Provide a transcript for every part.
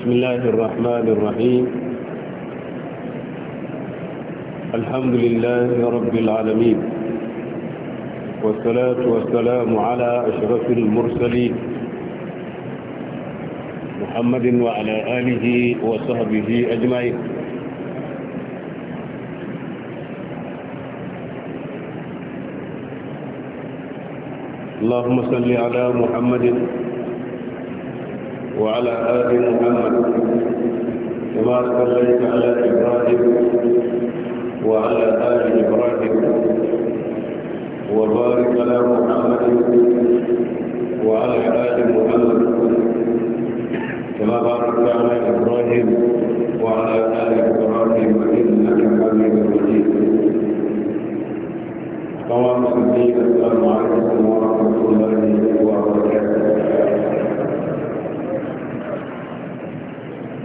بسم الله الرحمن الرحيم الحمد لله رب العالمين والصلاة والسلام على أشرف المرسلين محمد وعلى آله وصحبه أجمعين اللهم صل على محمد وعلى آل محمد كما صليت على إبراهيم وعلى آل إبراهيم وبارك على محمد وعلى آل محمد كما باركت على إبراهيم وعلى آل إبراهيم إنك حميد مجيد قوام الدين السلام عليكم ورحمة الله وبركاته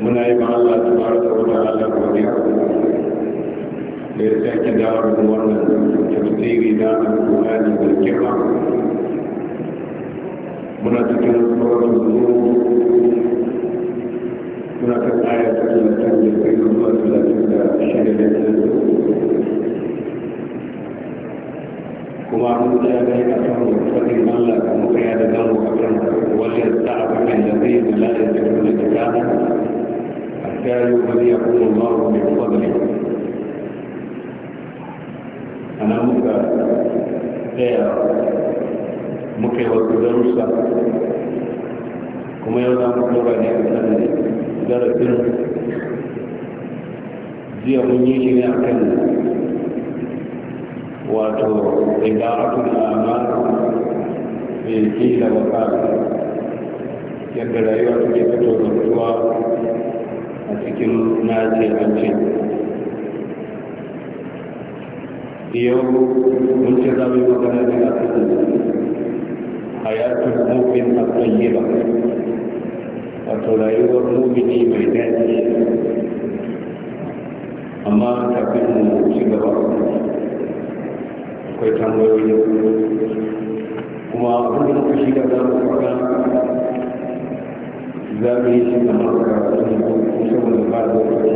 muna yi ma Allah ta fara ta wata Allah godiya da ya sake dawo da wannan tafsiri na alƙur'ani da kima muna cikin tsoron zuwa muna kan aya ta talatin da kai zuwa talatin da shida da talatin kuma mun tsaya ne a kan fadin Allah muka yada damu a kan wajen ta kan da zai da lalata da kuma da حتى يغنيكم الله من فضله أنا مكا تيا مكا وكدرسة كما يوضع مكتوبة لأسان درسة زي أمنيشي لأكل واتو إدارة الأعمال في كيل وقال yadda rayuwa take fito da ruwa a cikin nace ce yau mun ce za mu yi magana ne a cikin hayatun mumin a tsayyaba wato rayuwar mumini mai daɗi amma kafin mu ci gaba akwai tambayoyi kuma abin da muka shiga za mu faɗa za mu yi shi kamar karatun saboda ba lokaci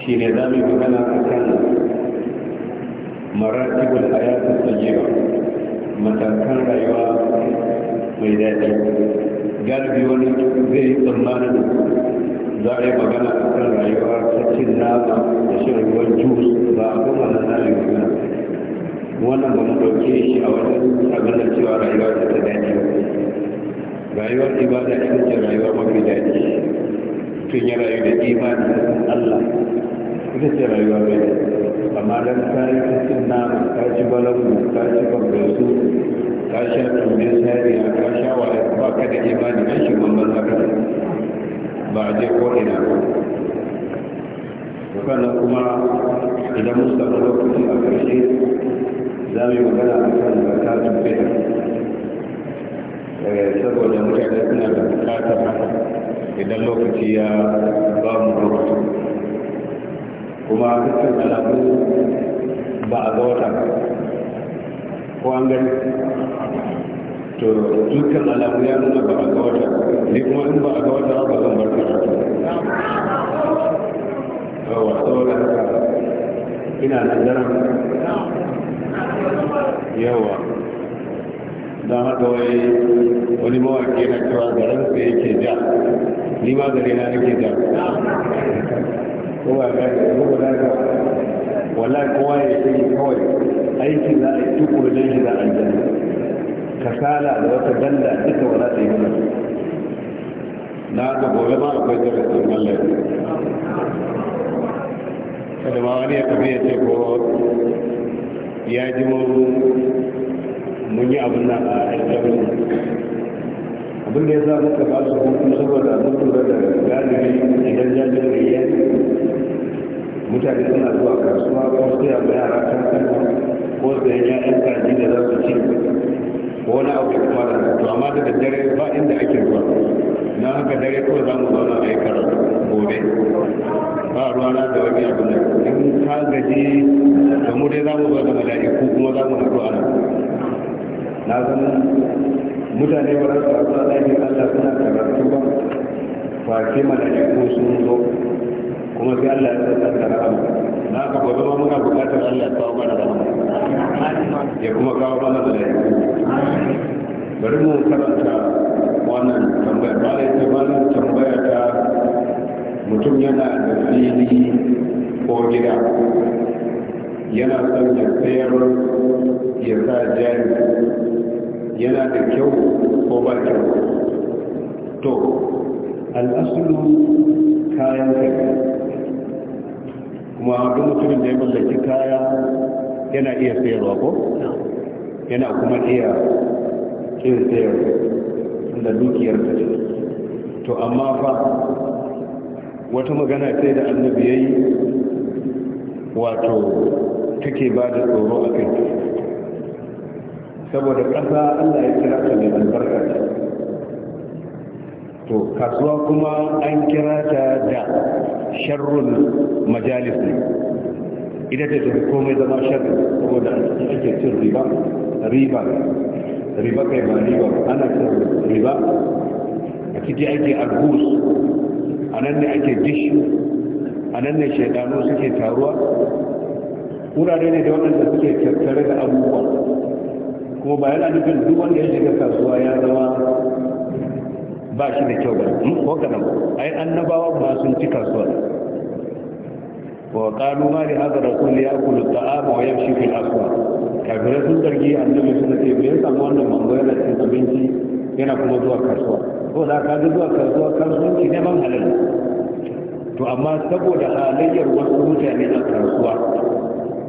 shi ne za mu yi magana a kan maratibul tsayewa matakan rayuwa mai daɗi galibi wani zai yi tsammanin za a yi magana a kan rayuwa ta cin nama da shan ruwan jus ba a kuma na za a magana wannan ba mu ɗauke shi a wajen abin da cewa rayuwa ta daɗi ba rayuwar ibada ita ce rayuwar mafi daji tun ya rayu da imani allah ita ce rayuwa mai amma don kayi cikin nama ka ci balagu ka ci kwamfesu ka sha tuni a ka sha wa ba ka da imani an shi mamman haka ba a je ko ina ba kuma kuma idan mun lokaci a karshe za mu yi magana a kan zakatun fitar Eh, saboda mutane suna da bukatar idan lokaci ya ba mu lokaci kuma dukkan alamu ba a ga wata ko an gani to dukkan alamu ya nuna ba a ga wata ni kuma in ba a ga wata ba zan bar karatu yawa saboda haka ina nan daren yawa don haka wai wani mawaƙi na cewa garin sa yake ja ni ma gari na nake ja ko ba ko ba ka wala kowa ya ce kawai aiki za a yi tukuru don shi za a kasala da wata danda duka wala ta yi mana na gobe ma akwai kada ma wani ya tafi ya ce ko ya ji mun mun yi abin nan a ɗan abin da ya sa muka ba su hutu saboda mutum da galibi idan jajin riyar mutane suna zuwa kasuwa ko sai ya bayan rakan kan ko su ya yan kaji da za su ci ko wani abu kuma da to amma daga dare ba inda ake zuwa na haka dare ko za mu zauna a yi karatu gobe ba ruwa na da wani abu da in ka gaji kamar dai za mu zauna da mala'iku kuma za mu haɗu a nan na san mutane ba za su a ɗakin allah suna karatu ba ke face mala'iku sun zo kuma sai allah ya tsarkar rahama na ka gobe ma muna bukatar allah ya kawo mana rahama ya kuma kawo mana mala'iku bari mu karanta wannan tambayar ba da ita wannan tambaya ta mutum yana da fili ko gida yana son ya sayar ya sa jari yana da kyau ko ba kyau to al'asulu kayan kai kuma abin mutumin da ya mallaki kaya yana iya sayarwa ko yana kuma iya cin sayar da dukiyar ta ce to amma fa wata magana sai da annabi yayi wato take ba da tsoro a kai saboda ƙasa allah ya kira ta mai albarka to kasuwa kuma an kira ta da sharrun majalis ne idan ta tafi komai zama sharri saboda a cikin ake cin riba riba riba kai ba riba ana cin riba a ciki ake algus a nan ne ake dish a nan ne shaidanu suke taruwa wurare ne da waɗanda suke tattare da abubuwa ko ba yana nufin duk wanda ya shiga kasuwa ya zama ba shi da kyau ba hmm, ko kadan ai annabawa ba sun ci kasuwa wa qalu ma li hadha rasul ya'kulu at wa yamshi fil aswaq kafirai sun dargi annabi sun ce me yasa wannan manzo yana cin abinci yana kuma zuwa kasuwa ko da ka zuwa kasuwa kasuwanci ne ban halal to amma saboda halayyar wasu mutane a kasuwa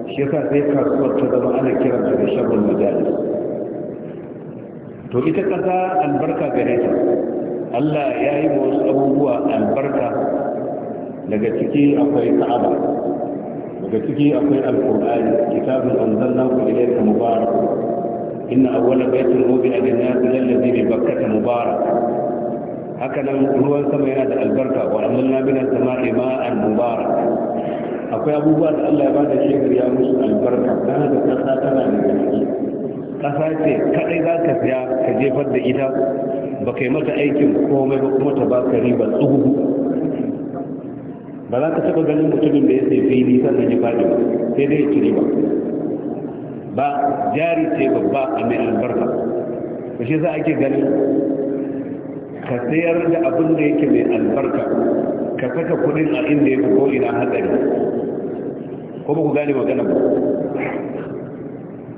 shi yasa sai kasuwar ta zama ana kiranta da shabul majalis to ita kasa albarka gare ta Allah ya yi wasu abubuwa albarka daga ciki akwai ka'aba daga ciki akwai alkur'ani kitabun anzalna ku ilayka mubarak inna awwala baitul mu'mina lin-nas alladhi bi bakkata mubarak haka nan ruwan sama yana da albarka wa amalna min as-sama'i ma'an mubarak akwai abubuwa da Allah ya ba da shekar ya musu albarka don haka ƙasa tana da gaske kasa ce kadai za ka siya ka jefar da ita ba kai mata aikin komai ba kuma ta baka riba tsuhu ba za ka taɓa ganin mutumin da ya sai fili sannan ya faɗi ba sai dai ya ci riba ba jari ce babba a mai albarka ba shi za a ke ganin ka sayar da abin da yake mai albarka ka saka kudin a inda ya fi ko'ina hatsari ko ba ku gane magana ba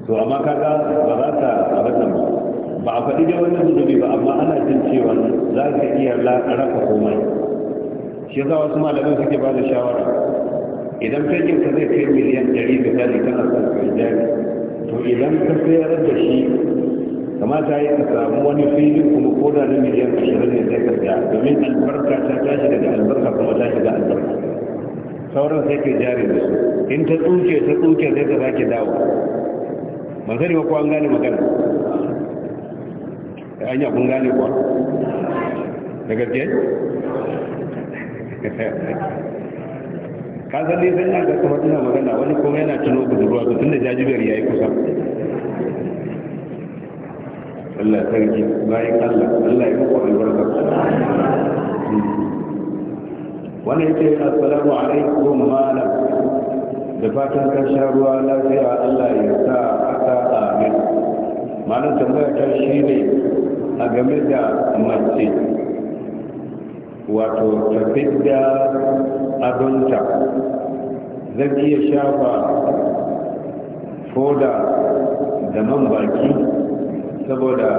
to amma kaga ba za ta abin ba ba a faɗi da wannan zubi ba amma ana jin cewa za ka iya raka komai shi yasa wasu malaman suke ba da shawara idan fekin ka zai kai miliyan 100 da jari kan asarfin jari to idan ka sayar da shi kamata ya ka samu wani fili kuma koda na miliyan 20 ne zai ka domin albarka ta tashi daga albarka kuma ta shiga albarka sauran sai ke jari da su in ta tsuke ta tsuke sai ka sake dawo ba sani ba ko an gane magana da hanya kun gane kuwa da gaske ka san ne zan yaga kuma ina magana wani kuma yana tuno budurwa su tun da jajibiyar ya yi kusa Allah sarki bayan Allah Allah ya kuka albarka wani yake assalamu alaikum malam da fatan kan sha ruwa lafiya Allah ya sa aka amin malam tambayar ta shine a game da mace wato ta fidda abinta zan iya shafa foda da man baki saboda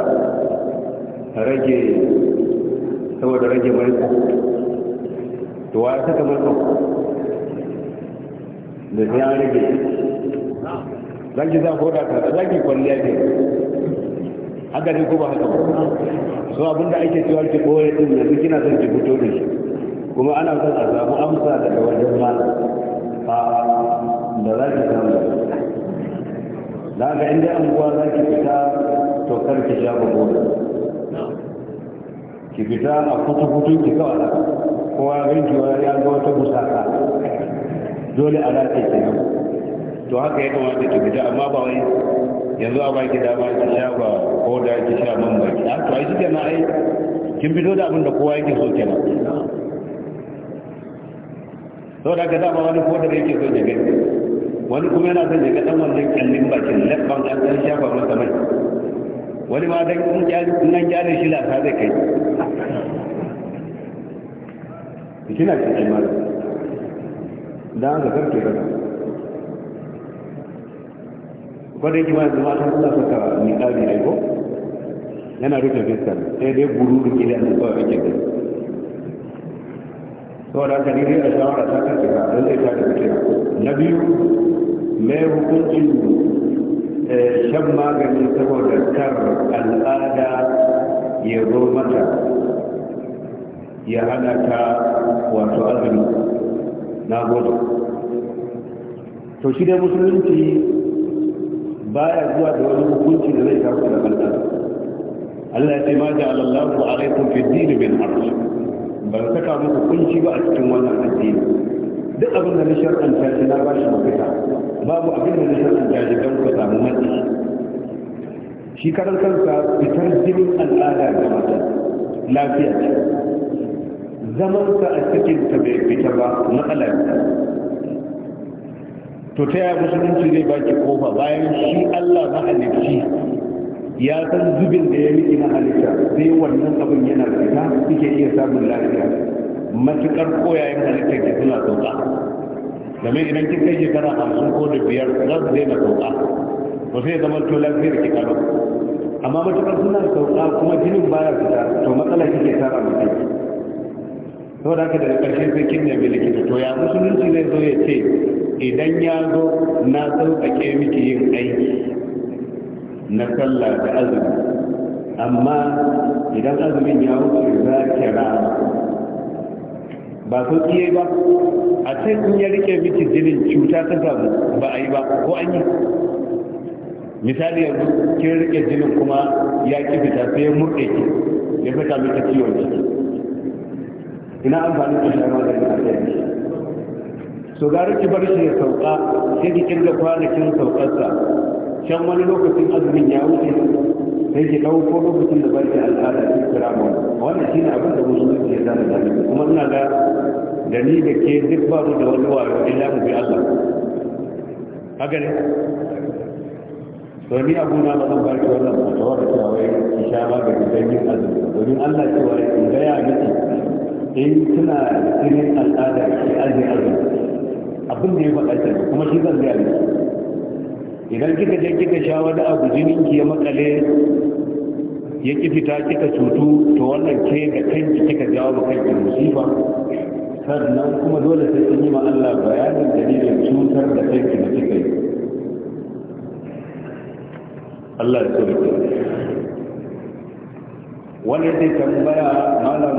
rage saboda rage mai to wa saka ko da ya rage za ji za ko da ka zaki kwalliya ne haka ne ko ba haka ba so abinda ake cewa ki koyar din yanzu kina son ki fito da shi kuma ana son a samu amsa daga wajen ma a da za ki samu da ga inda anguwa za ki fita to kar ki sha babu ki fita a kutu-kutu ki kawai kowa juwa ya ga wata busaka dole a lati ke nan to haka ya kamata ki fita amma ba wai yanzu a baki dama ki sha ba ko da ki sha man baki a ah, to ai shi na ai kin fito da abin da kowa yake so nan to da ka dama wani ko da yake so ne wani kuma yana son ya ga dan wannan kallin bakin labban an san shafa masa mai wani ma dan kun kyale kun nan kyale shi la ta zai kai kina cikin mara dan ga karke ka kwadai kima ta mata suna saka niƙari ne ko yana rufe fiskar sai dai guru da kila da kawai ake gani saboda da ni dai a shawara ta kan ba don zai ta da kira na biyu mai hukuncin Eh, shan magani saboda kar al'ada ya zo mata ya hana ta wato azumi na gode to shi dai musulunci baya zuwa da wani hukunci da zai tafi da kanta Allah ya ce ma ja'ala Allahu alaikum fi din bin harj ban saka muku kunci ba a cikin wannan addini duk abin da na shar'anta shi na ba bashi mafita babu abin da zai da jirgin ku samu matsi shi karar kansa fitar jinin al'ada ga mata lafiya ce zaman sa a cikin ta bai fita ba matsala ne to ta yaya musulunci zai baki kofa bayan shi Allah mahalicci ya san zubin da ya riƙe na halitta sai wannan abin yana fita suke iya samun lafiya matukar koyayen halittar ke suna sauka domin idan kin kai shekara hamsin ko da biyar za su daina sauka ba sai zama to lafiyar ki kalo amma matuƙar suna sauka kuma jinin baya fita to matsala kike tara mutum da aka daga ƙarshe sai kin nemi likita to ya musulunci zai zo ya ce idan ya zo na sauƙaƙe miki yin aiki na sallah da azumi amma idan azumin ya wuce za ki ba so yi ba a can in ya rike miki jinin cuta ta samu ba a yi ba ko an yi misali yanzu kin rike jinin kuma ya ki fita sai ya murɗe ki ya fita miki ciwon ciki ina amfani da shi magani a kai so ga rike bar shi ya sauka sai ki kirga kwanakin saukarsa can wani lokacin azumin ya wuce sai ki ɗauko lokacin da barki al'ada ki kira mu wannan shine abin da musulunci ya zama da kuma ina ga da ni da ke duk ba mu da wani wayo illa mu bi Allah haka ne to ni abu na bazan ba wannan fatawa da cewa wai ki sha ga don yin azumi domin Allah cewa in ga ya miki in kina cikin al'ada ki azumi abin da ya faɗa kuma shi zan ga miki idan kika je kika sha wani abu jinin ki ya makale ya ki fita kika cutu to wannan ke da kanki kika jawo ma kanki musiba sannan kuma dole sai kin yi ma Allah bayanin dalilin cutar da kanki da kika yi Allah ya ki wani zai tambaya malam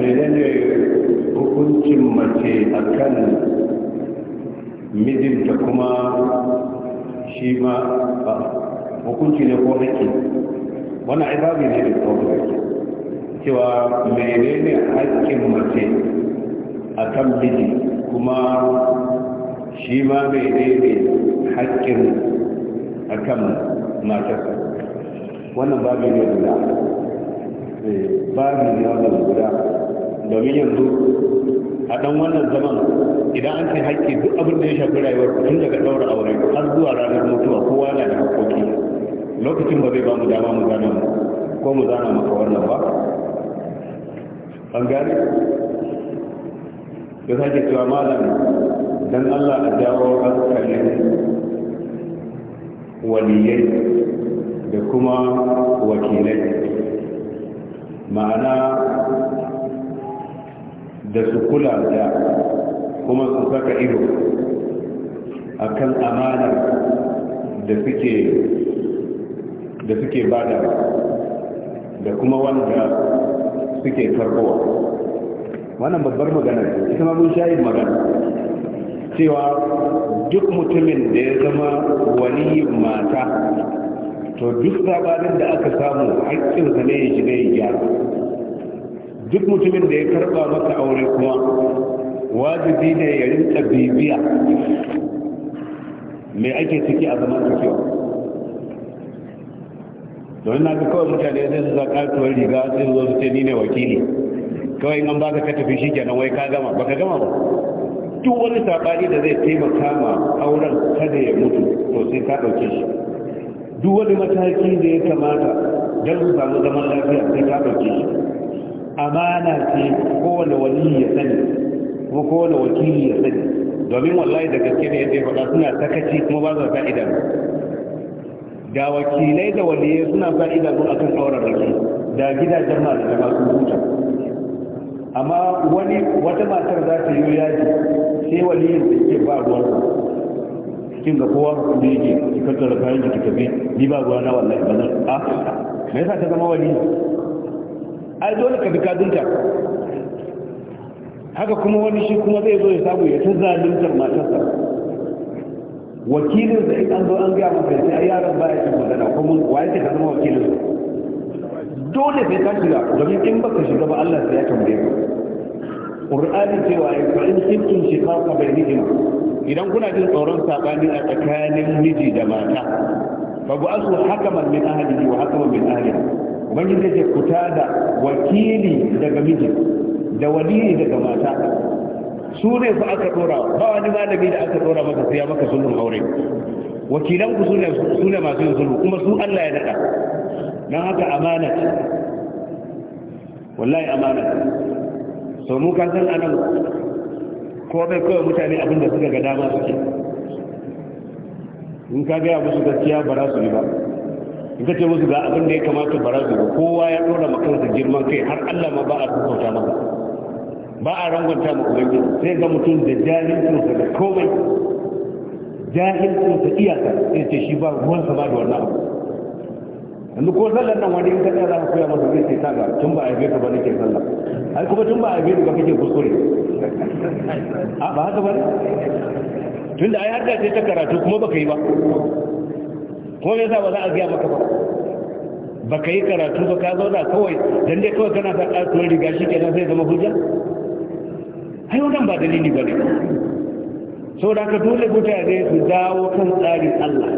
menene hukuncin mace akan mijinta kuma shi ma ba hukunci ne ko haƙƙi wani ai ne da kawo haƙƙi cewa menene haƙƙin mace a kan biji kuma shi ma menene haƙƙin a kan matarsa wannan babi ne guda eh, babi ne wannan guda domin yanzu a dan wannan zaman idan an ce haƙƙi duk abin da ya shafi rayuwar tun daga ɗaura aure har zuwa ranar mutuwa kowa na da haƙƙoƙi lokacin ba zai ba mu dama mu zana ko mu zana maka wannan ba an gane da sake cewa malam dan Allah a jawo hankalin waliyai da kuma wakilai ma'ana da su kula da kuma su saka ido akan kan da da suke bada da kuma wanda suke karbowa wannan babbar magana ita ma mun shayin magana cewa duk mutumin da ya zama wani mata to duk sabanin da aka samu haƙƙinsa ne shi ne ya gyara duk mutumin da ya karba maka aure kuma wajibi ne ya rinka bibiya me ake ciki a zaman ka kyau na ga kawai mutane zai su zaka tuwar riga sai zo su ce ni ne wakili kawai in an baka ka tafi shi kenan wai ka gama baka gama ba duk wani sabani da zai taimaka ma auren kada ya mutu to sai ka dauke shi duk wani mataki da ya kamata don su samu zaman lafiya sai ka dauke shi amana ce kowane wani ya sani kuma kowane wakili ya sani domin wallahi da gaske ne yadda ya faɗa suna sakaci kuma ba za sa idanu da wakilai da waliye suna fa'ida idanu akan auren rake da gidajen ba masu huta amma wani wata matar za ta yi yaji sai waliye da ke ba ruwansa kin ga kowa ku ne yake ki kantar kayan ki tafi ni ba ruwa na wallahi ba na? a ah, me yasa ta zama wali ai dole ka bi kadunta haka kuma wani shi kuma zai zo ya samu ya ta zaluntar matarsa wakilin da an zo an gaya maka sai ai yaron baya cin magana kuma waye ka zama wakilin dole sai ka shiga domin in baka shiga ba Allah sai ya tambaye ka Qur'ani cewa ya fa in kuntum shiqaqa bainihim idan kuna jin tsoron sabani a tsakanin miji da mata fa bu asu hakaman min ahlihi wa hakaman min ahlihi ubangiji zai fita da wakili daga miji da wali daga mata su ne fa aka dora ba wani malami da aka dora maka sai ya maka sulhun aure wakilan ku sune sune masu yin sulhu kuma su Allah ya nada dan haka amana wallahi amana so mu kan san anan ko bai kawai mutane abin da suka ga dama suke in ka ga musu gaskiya ba za su yi ba ita ce musu ga abin da ya kamata ba su kowa ya dora ma kansa girman kai har Allah ma ba a sassauta masa ba a rangwanta ma ubangiji sai ga mutum da jahilcin sa da komai jahilcin sa iyaka sai ce shi ba ruwan sa ba da wannan abu yanzu ko sallar nan wani in ka tsaya za ka koya masa zai sai kaga tun ba a yi ka ba nake sallah ai kuma tun ba a yi ka kake kuskure a ba haka ba tun da ai har da sai ta karatu kuma baka yi ba ko me yasa ba za a gaya maka ba ba ka yi karatu ba ka zauna kawai don dai kawai kana sa ƙarfin riga shi kenan sai zama hujja ai nan ba dalili ba ne da ka dole mutane su dawo kan tsarin Allah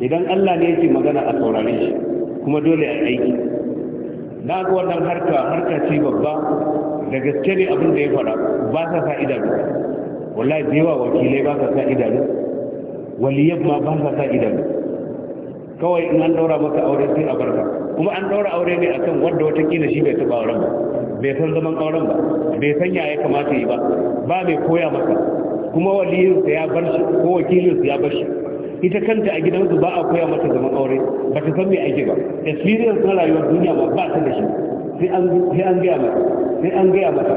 idan Allah ne yake magana a saurare shi kuma dole a aiki na ga wannan harka harka ce babba da gaske ne abin da ya fara ba sa sa idanu wallahi da yawa wakilai ba sa sa idanu wali ma ba sa sa idanu kawai in an daura maka aure sai a barka kuma an daura aure ne akan wanda wata kila shi bai taba auren ba bai san zaman auren ba bai san ya kamata yi ba ba mai koya maka kuma waliyinsa ya bar shi ko wakilinsa ya bar shi ita kanta a gidansu ba a koya mata zaman aure ba ta san me ake ba experience na rayuwar duniya ba ba ta da shi sai an gaya mata sai an gaya mata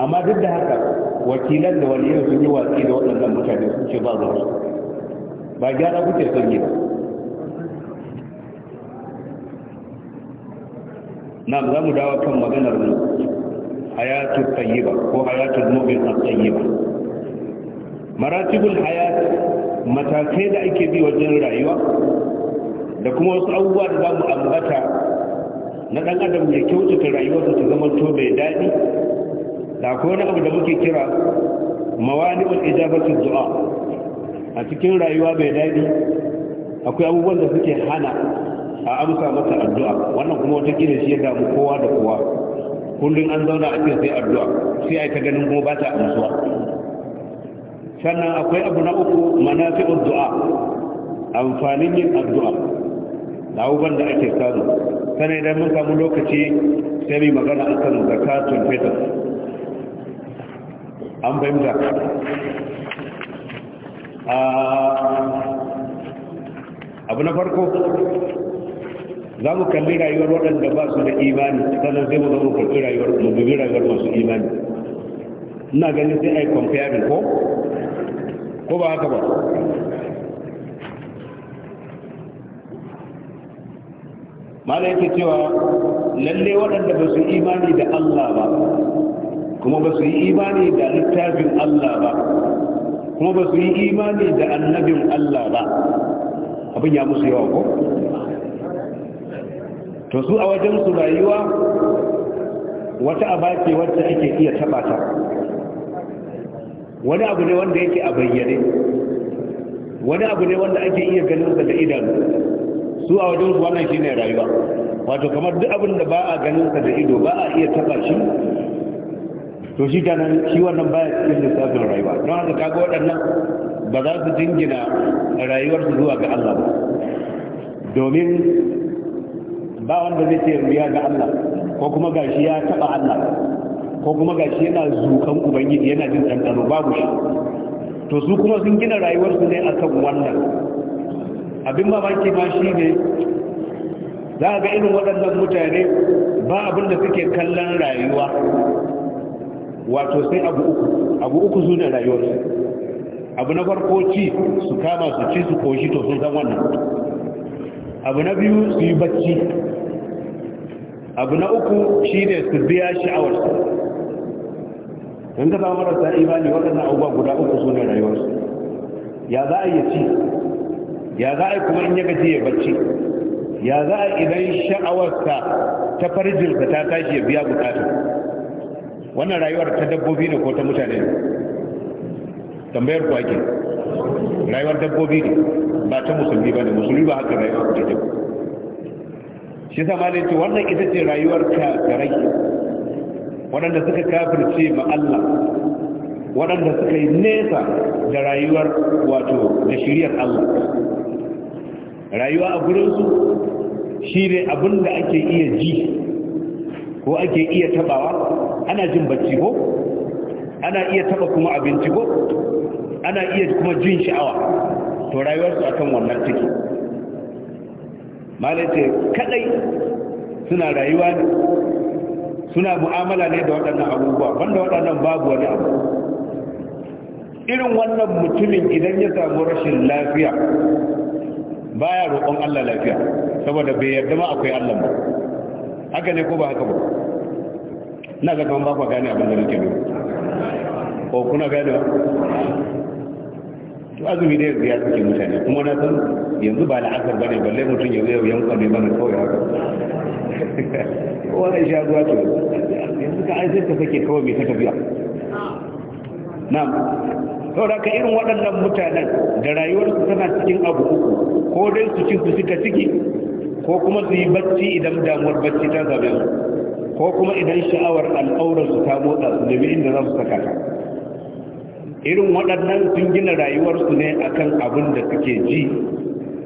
amma duk da haka wakilan da waliyan sun yi watsi da waɗannan mutane sun ce ba za su ba gyara kuke son yi ba na za mu dawa kan maganar mu hayatu tayyiba ko hayatu mu'min tayyiba maratibul hayat matakai da ake bi wajen rayuwa da kuma wasu abubuwa da za mu ambata na ɗan adam ya kyautata rayuwarsa ta zama to mai daɗi da akwai wani abu da muke kira mawani wal ijabatul du'a a cikin rayuwa mai daɗi akwai abubuwan da suke hana a amsa masa addu'a wannan kuma wata gina shi ya damu kowa da kowa kullum an zauna a cikin sai addu'a sai ai ta ganin kuma ba ta amsuwa sannan akwai abu na uku manafi'ud addu'a, amfanin yin addu'a da abubuwan da ake samu sannan idan mun samu lokaci sai mai magana akan zakatun fitr an fahimta abu na farko za mu kalli rayuwar waɗanda ba su da imani sannan sai mu zama karɓi rayuwar mu dubi rayuwar masu imani ina ganin sai ai comparing ko ko ba haka ba mala yake cewa lalle waɗanda ba su imani da Allah ba kuma ba su yi imani da littafin Allah ba kuma ba su yi imani da annabin Allah ba abin ya musu yawa ko to su a wajen su rayuwa wata aba ce wacce ake iya taba ta wani abu ne wanda yake a bayyane wani abu ne wanda ake iya ganin sa da idanu su a wajen su wannan shine rayuwa wato kamar duk abin da ba a ganin sa da ido ba a iya taba shi to shi nan, shi wannan baya cikin lissafin rayuwa don haka kaga waɗannan ba za su jingina rayuwarsu zuwa ga Allah ba domin ba wanda zai ce ruya ga Allah ko kuma gashi ya taɓa Allah ko kuma gashi yana zukan ubangiji yana jin tantano babu shi to su kuma sun gina rayuwarsu ne akan wannan abin mamaki ma shi ne za a ga irin waɗannan mutane ba abin da suke kallon rayuwa wato sai abu uku abu uku su ne rayuwarsu abu na farko ci su kama su ci su koshi to sun san wannan abu na biyu su yi bacci abu na uku shi ne su biya sha'awarsu in ka samu marasa imani waɗannan abubuwa guda uku su ne rayuwarsu ya za a yi ci ya za a yi kuma in ya gaji ya bacci ya za a idan sha'awarsa ta farjinsa ta tashi ya biya bukatar wannan rayuwar ta dabbobi ne ko ta mutane ne tambayar ku ake rayuwar dabbobi ne ba ta musulmi ba ne musulmi ba haka rayuwar ta dabbobi shi zama ne ce wannan ita ce rayuwar kafirai waɗanda suka kafirce ma Allah waɗanda suka yi nesa da rayuwar wato da shiriyar Allah rayuwa a gurinsu shi ne abin da ake iya ji ko ake iya tabawa ana jin bacci ko ana iya taba kuma abinci ko ana iya kuma jin sha'awa to rayuwarsu akan wannan take malai ce kadai suna rayuwa ne suna mu'amala ne da waɗannan abubuwa banda waɗannan babu wani abu irin wannan mutumin idan ya samu rashin lafiya baya roƙon Allah lafiya saboda bai yarda ma akwai Allah ba haka ne ko ba haka ba na ga kan ba ku gane abin da nake nuna ko kuna gane to azumi da yanzu ya suke mutane kuma na san yanzu ba la'asar bane balle mutum ya zai yanka ne bane kawai haka wani sha zuwa to yanzu ka aizai ka sake kawai mai ta tafiya na saboda ka irin waɗannan mutanen da su tana cikin abu uku ko dai su cikin su suka ciki ko kuma su yi bacci idan damuwar bacci ta zabe su ko kuma idan sha'awar al'aurar su ta motsa su da inda za su saka ta irin waɗannan sun gina rayuwarsu ne akan abin da suke ji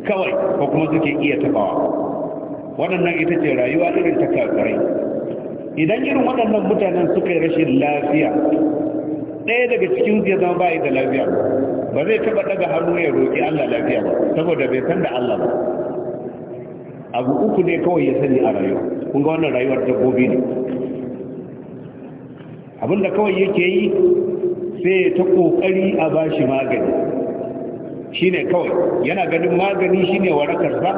kawai ko kuma suke iya tabawa waɗannan ita ce rayuwa irin ta kafirai idan irin waɗannan mutanen suka yi rashin lafiya ɗaya daga cikin zai zama bayi da lafiya ba zai taɓa ɗaga hannu ya roƙi Allah lafiya ba saboda bai san da Allah ba abu uku ne kawai ya sani a rayuwa kun ga wannan rayuwar dabbobi ne abinda kawai yake yi sai ta kokari a bashi magani shine kawai yana ganin magani shine warakarsa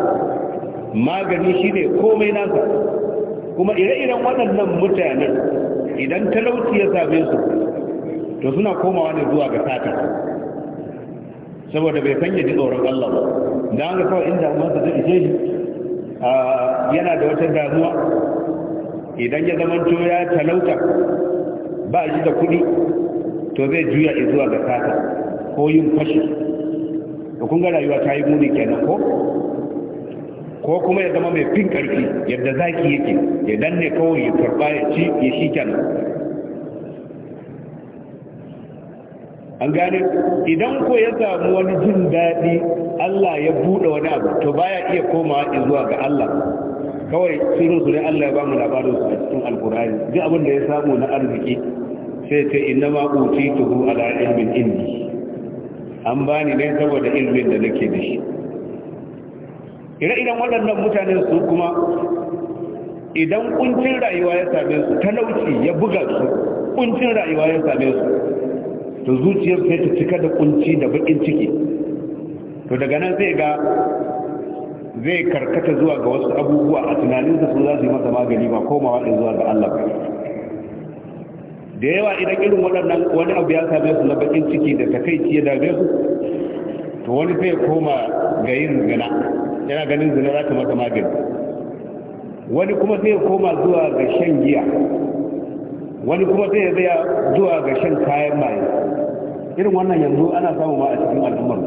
magani shine komai nasa kuma ire-iren waɗannan mutanen idan talauci ya same su to suna komawa ne zuwa ga sata saboda bai sanya ji tsoron Allah ba da an ga kawai inda masu zai ishe shi yana da wata damuwa idan ya zamanto ya talauta ba shi da kuɗi to zai juya zuwa ga sata ko yin fashi da kun rayuwa ta yi muni kenan ko ko kuma ya zama mai fin karfi yadda zaki yake ya danne kawai ya karba ya ci ya shi kenan an gane idan ko ya samu wani jin daɗi Allah ya buɗe wani abu to baya iya komawa zuwa ga Allah kawai sirrin su ne Allah ya ba mu labarin su a cikin alkurani duk abin da ya samu na arziki sai ce inna ma tuhu ala ilmin indi an bani ne saboda ilmin da nake da shi ire idan waɗannan mutane su kuma idan kuncin rayuwa ya same su talauci ya buga su kuncin rayuwa ya same su to zuciyar sai ta cika da kunci da bakin ciki to daga nan zai ga zai karkata zuwa ga wasu abubuwa a tunaninsa sun za su yi masa magani ba komawa ɗin zuwa ga Allah ba da yawa idan irin waɗannan wani abu ya same su na bakin ciki da takaici ya dame su to wani zai koma ga yin zina yana ganin zina za ta masa magani wani kuma zai koma zuwa ga shan giya wani kuma zai-zai ya zaya zuwa ga shan kayan maye irin wannan yanzu ana samu ma a cikin al'ummar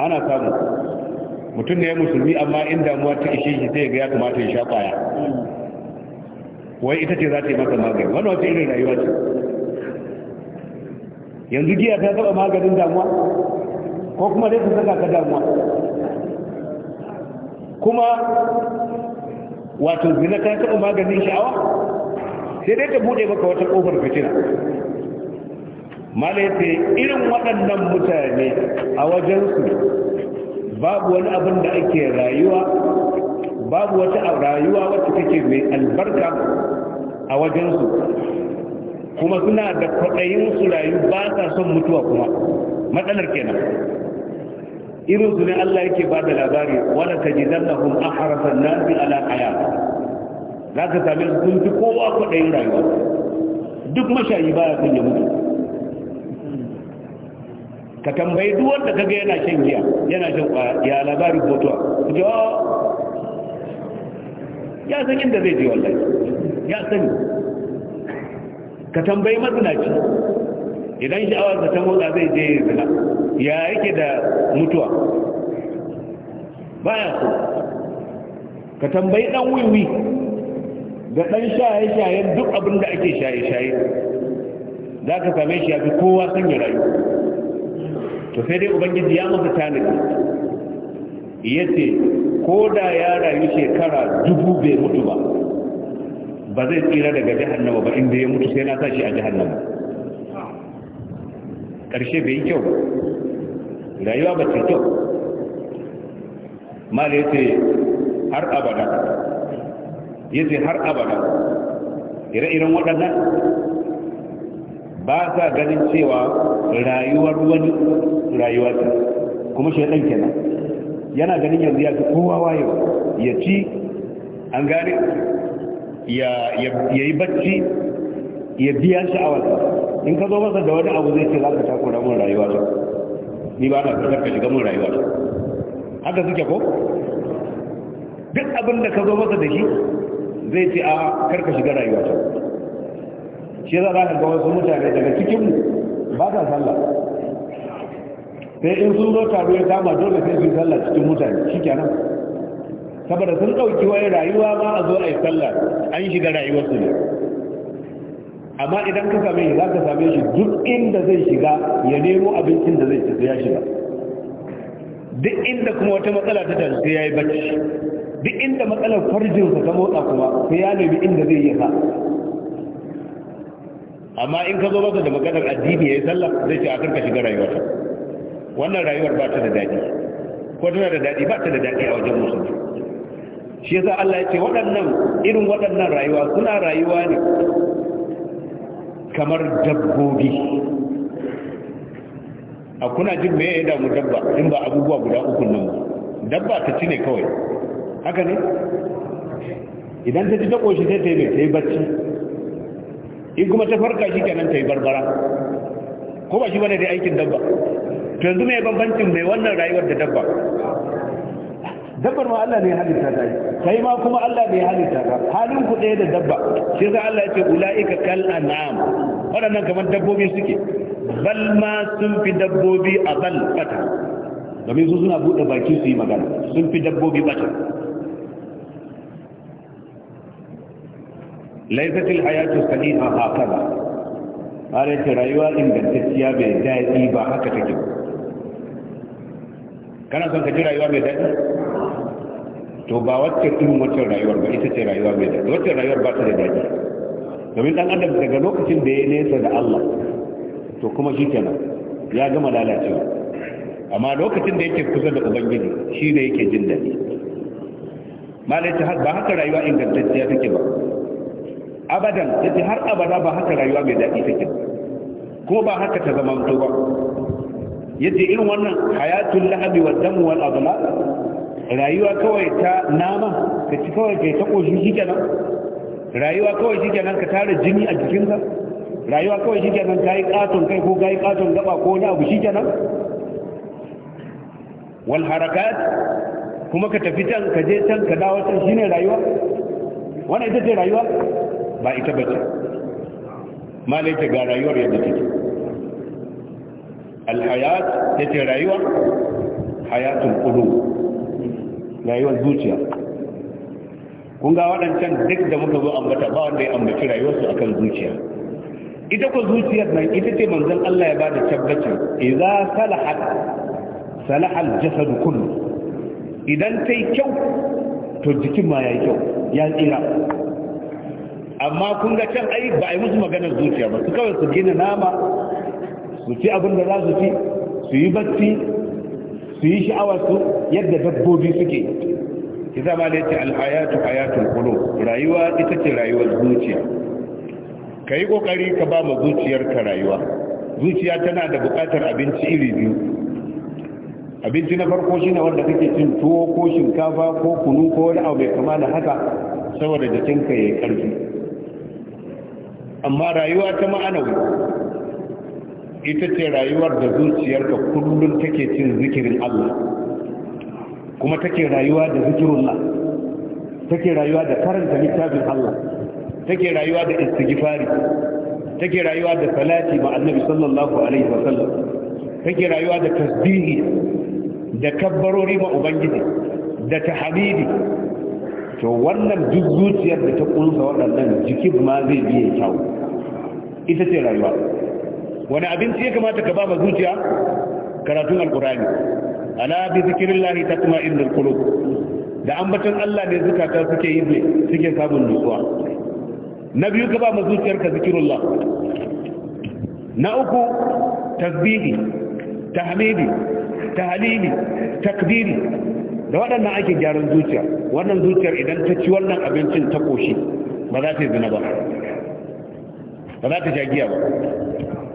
ana samu mutum ne ya musulmi amma in damuwa ta ishe shi zai ga ya kamata ya sha kwaya wai ita ce za ta yi masa magani wani wata irin rayuwa ce yanzu giya ta taba maganin damuwa ko kuma dai ta saka ka damuwa kuma wato zina ta taba maganin sha'awa sai dai ta buɗe maka wata kofar fitina mala yace irin waɗannan mutane a wajensu babu wani abin da ake rayuwa babu wata rayuwa wacce take mai albarka a wajensu kuma suna da kwaɗayin su rayu ba sa son mutuwa kuma matsalar kenan irin su ne Allah yake ba da labari wala tajidannahum ahrasan nasi ala hayat za ka sami sun fi kowa kwaɗayin rayuwa duk mashayi baya son ya mutu ka tambayi duk wanda kaga yana shan giya yana shan ya labarin hotuwa ku ji ya san inda zai je wallahi ya sani ka tambayi mazinaci idan sha'awar ta ta motsa zai je zina ya yake da mutuwa baya so ka tambayi dan wiwi da ɗan shaye-shayen duk abin da ake shaye-shaye za ka same shi ya fi kowa sanya rayu to sai dai ubangiji ya masa tanadi ya ce ko da ya rayu shekara dubu bai mutu ba ba zai tsira daga nama ba inda ya mutu sai na sa shi a nama. ƙarshe bai yi kyau rayuwa ba ce kyau mala ya ce har abada yace har abada ire-iren waɗannan ba sa ganin cewa rayuwar wani rayuwar ta kuma shaidan kenan yana ganin yanzu ya fi kowa wayo ya ci an gane ya yi bacci ya biya sha'awar in ka zo masa da wani abu zai ce za ka takura mun rayuwa ta ni ba na fitar ka shiga mun rayuwa ta haka suke ko duk abin da ka zo masa da shi zai ce a karka shiga rayuwa ta shi za a ga wasu mutane daga cikin ba ta sallah sai in sun zo taro ya kama dole sai sun sallah cikin mutane shi nan. saboda sun ɗauki wani rayuwa ma a zo a yi sallah an shiga rayuwarsu ne amma idan ka same shi za ka same shi duk inda zai shiga ya nemo abincin da zai tafi ya shiga duk inda kuma wata matsala ta tafi ya yi bacci duk inda matsalar farjinsa ta motsa kuma ku ya nemi inda zai yi ha amma in ka zo masa da maganar addini ya yi sallah zai ce a karka shiga rayuwarsa wannan rayuwar ba ta da daɗi ko tana da daɗi ba ta da daɗi a wajen musulmi shi yasa Allah ya ce waɗannan irin waɗannan rayuwa suna rayuwa ne kamar dabbobi a kuna jin me ya damu dabba in ba abubuwa guda uku nan dabba ta cine ne kawai haka ne idan ta ji ta ƙoshi sai ta yi mai ta yi bacci in kuma ta farka shi kenan ta yi barbara ko ba shi bane da aikin dabba to yanzu mai bambancin mai wannan rayuwar da dabba dabbar ma Allah ne ya halitta ta yi, kai ma kuma Allah ne ya halitta ta halin ku ɗaya da dabba shi za Allah ya ce ulaika kal an'am waɗannan kamar dabbobi suke bal ma sun fi dabbobi a bal fata domin su suna buɗe baki su yi magana sun fi dabbobi bata laifatil alhayatu sahiha hakaza are ce rayuwa ingantacciya bai daɗi ba haka take kana son ka ji rayuwa mai daɗi to ba wacce tun wacce rayuwar ba ita ce rayuwa mai daɗi wacce rayuwar ba ta da daɗi domin dan adam daga lokacin da ya nesa da Allah to kuma shi kenan ya gama lalacewa amma lokacin da yake kusa da ubangiji shi ne yake jin daɗi malai ta ba haka rayuwa ingantacciya take ba abadan yadda har abada ba haka rayuwa mai daɗi take ko ba haka ta zama mutu ba yadda irin wannan hayatul lahabi wa damu wal adla rayuwa kawai ta nama ka ci kawai kai ta koshi shikenan rayuwa kawai shikenan ka tara jini a jikinka rayuwa kawai shikenan kai katon kai ko kai katon gaba ko wani abu shikenan wal harakat kuma ka tafi can ka je can ka dawo can shine rayuwa wannan ita ce rayuwa ba ita ba ce malaita ga rayuwar yadda take alhayat ya ce rayuwa hayatun kudu rayuwar zuciya kun ga waɗancan duk da muka zo ambata ba wanda ya ambaci rayuwarsu akan zuciya ita ku zuciyar nan ita ce manzon Allah ya ba da tabbacin idza salahat salaha al-jasad kullu idan ta yi kyau to jikin ma yayi kyau ya tsira amma kun ga can ai ba a yi musu maganar zuciya ba su kawai su gina nama su ci abin da za su ci su yi bacci su yi sha'awarsu yadda dabbobi suke ki zama da ya ce alhayatu hayatul kulo rayuwa ita ce rayuwar zuciya ka yi ƙoƙari ka ba ma zuciyarka rayuwa zuciya tana da bukatar abinci iri biyu abinci na farko shi ne wanda kake cin tuwo ko shinkafa ko kunu ko wani abu mai kama da haka saboda jikinka ya yi ƙarfi amma rayuwa ta ma'anawi ita ce rayuwar da zuciyarka kullum take cin zikirin Allah kuma take rayuwa da zikirullah take rayuwa da karanta littafin Allah take rayuwa da istighfari take rayuwa da salati ma annabi sallallahu alaihi wasallam take rayuwa da tasbihi da kabbarori ma ubangiji da tahmidi to wannan duk zuciyar da ta kunsa waɗannan jikin ma zai biye kyau, ita ce rayuwa wani abinci ya kamata ka ba ma zuciya karatun alkurani ala bi zikirillahi tatma innal qulub da ambaton Allah ne zukata suke yi suke samun nutsuwa na biyu ka ba ma zuciyarka zikirullah na uku tasbihi tahmidi tahlili takbiri da waɗannan ake gyaran zuciya wannan zuciyar idan ta ci wannan abincin ta koshi ba za ta yi zina ba ba za ta sha giya ba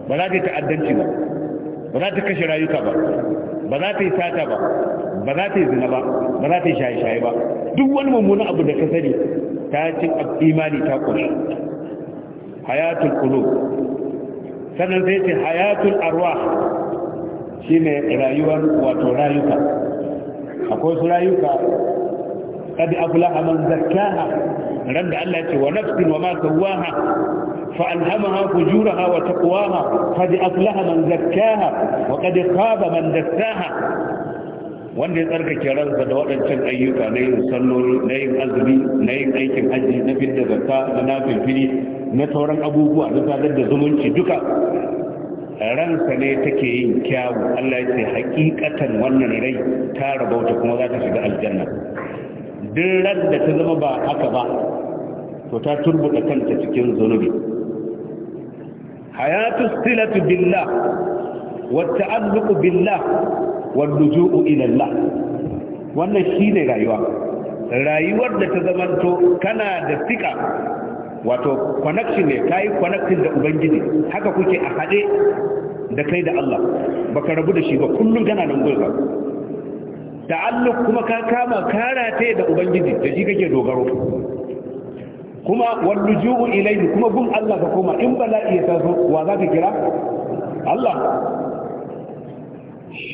ba za ta yi ta'addanci ba ba za ta kashe rayuka ba ba za ta yi sata ba ba za ta yi zina ba ba za ta yi shaye-shaye ba duk wani mummunan abu da ka sani ta cin imani ta koshi hayatul qulub sannan sai ce hayatul arwah shine rayuwar wato rayuka akwai su rayuka kada abula ran da Allah ke wa nafsin wa ma sawwa ha fa alhamaha fujuraha wa taqwaha kada abula a man wa kada khaba man wanda ya tsarkake ransa da waɗancan ayyuka na yin azumi na yin aikin aji, na fidda zarka na nafin fili na sauran abubuwa na sadar da zumunci duka ransa ne take yin kyawu Allah ya ce hakikatan wannan rai ta rabauta kuma za ta shiga aljanna duk ran da ta zama ba haka ba to ta turbuta kanta cikin zunubi hayatu silatu billah wa ta'alluqu billah wa nuju'u ila Allah wannan shine rayuwa rayuwar da ta zamanto kana da fika wato connection ne kai connection da ubangiji haka kuke a haɗe da kai da Allah baka rabu da shi ba kullum kana nan gurba ta'alluq kuma ka kama karate da ubangiji da shi kake dogaro kuma walluju'u ilayhi kuma gun Allah ka koma in bala'i ya taso wa zaka kira Allah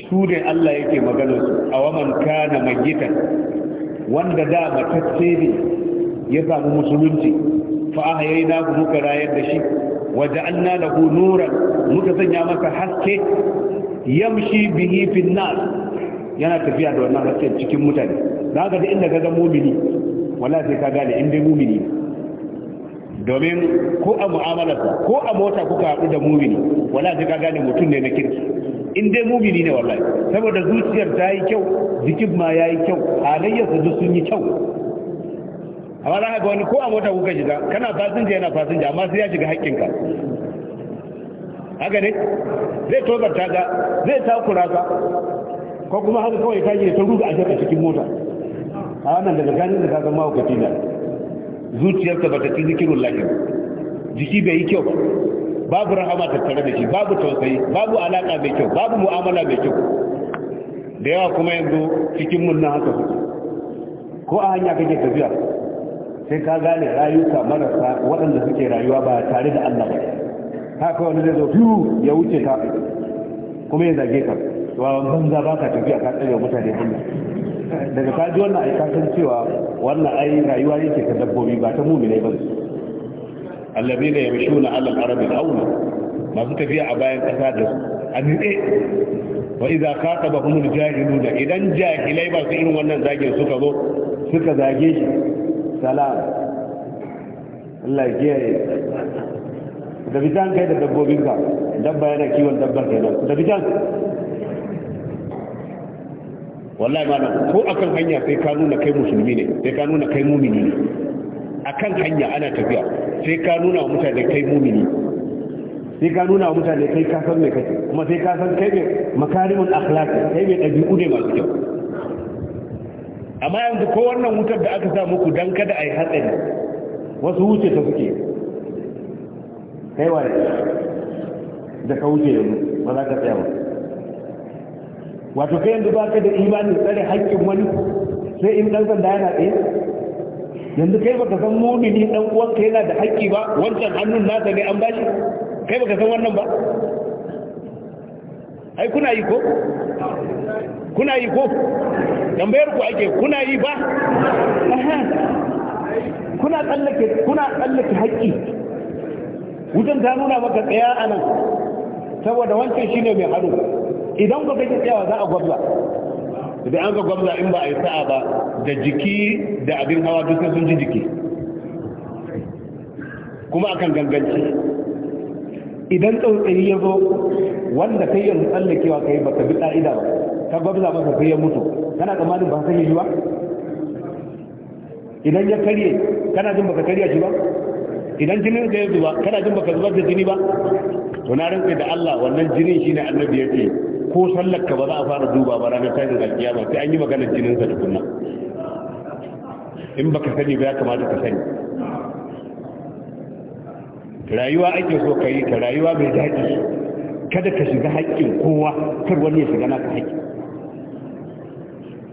su ne Allah yake maganar su a waman kana magitan wanda da matacce ya samu musulunci fa ahyaynahu muka rayar da shi an ja'alna lahu nuran muka sanya masa haske yamshi bihi fin nas yana tafiya da wannan haske cikin mutane da haka inda ka ga mumini wallahi sai ka gane in dai mumini domin ko a mu'amalarsa ko a mota kuka haɗu da mumini wallahi sai ka gane mutum ne na kirki in dai mumini ne wallahi saboda zuciyar ta yi kyau jikin ma ya yi kyau halayyarsa duk sun yi kyau amma za ka ga wani ko a mota kuka shiga kana fasinja yana fasinja amma sai ya shiga haƙƙinka haka ne zai tozarta ga zai takura ka ko kuma haka kawai ta gina ta ruga a shaka cikin mota a wannan daga ganin da ka zama na zuciyarka ba ta ci zikirun lafiya jiki bai yi kyau babu rahama tattare da shi babu tausayi babu alaka mai kyau babu mu'amala mai kyau da yawa kuma yanzu cikin mun haka ko a hanya kake tafiya sai ka gane rayuka marasa waɗanda suke rayuwa ba tare da Allah ba Ta kai wani zai zo fiye ya wuce ka kuma ya zage ka wawan za ba ka tafiya ka tsaye mutane hanya daga ka ji wannan aika san cewa wannan ai rayuwa yake ta dabbobi ba ta mumina ba allabi ne ya mishu na allan arabi da auna masu tafiya a bayan ƙasa da a nitse wa iza ka taba kuma jahilu da idan jahilai ba su irin wannan zagin suka zo suka zage shi salam Allah ya kiyaye da bijan kai da dabbobin ka dabba yana kiwon dabbar kai nan da bijan wallahi ma ko akan hanya sai ka nuna kai musulmi ne sai ka nuna kai mumini ne akan hanya ana tafiya sai ka nuna wa mutane kai mumini sai ka nuna wa mutane kai ka san me kake kuma sai ka san kai ne makarimun akhlaq kai ne dabi'u ne masu kyau amma yanzu ko wannan wutar da aka sa muku don kada a yi hatsari wasu wuce ta suke kaiwa da da ka wuce yanzu ba za ka tsaya ba wato kai yanzu ba ka da imanin tsare haƙƙin wani sai in ɗan sanda yana tsaye yanzu kai baka san mumini ɗan uwanka yana da haƙƙi ba wancan hannun nasa ne an bashi kai baka san wannan ba ai kuna yi ko kuna yi ko tambayar ku ake kuna yi ba kuna tsallake kuna tsallake haƙƙi wutan ta nuna maka tsaya a nan saboda wancan shine mai hado idan ba kake tsayawa za a gwabza idan an ga gwabza in ba a yi sa'a ba da jiki da abin hawa duk sun ji jiki kuma akan ganganci idan tsautsayi ya zo wanda kai yanzu tsallakewa kai baka bi ka'ida ba ka gwabza masa sai ya mutu kana tsammanin ba sai yi ba idan ya karye kana jin baka karya shi ba idan jinin ka ya zuba kana jin baka zubar da jini ba to na rantsa da Allah wannan jinin shine annabi ce ko sallaka ba za a fara duba ba ranar tashin alkiyama sai an yi maganar jinin sa tukunna in baka sani ba ya kamata ka sani rayuwa ake so ka yi ta rayuwa mai daɗi kada ka shiga haƙƙin kowa kar wani ya shiga naka haƙƙi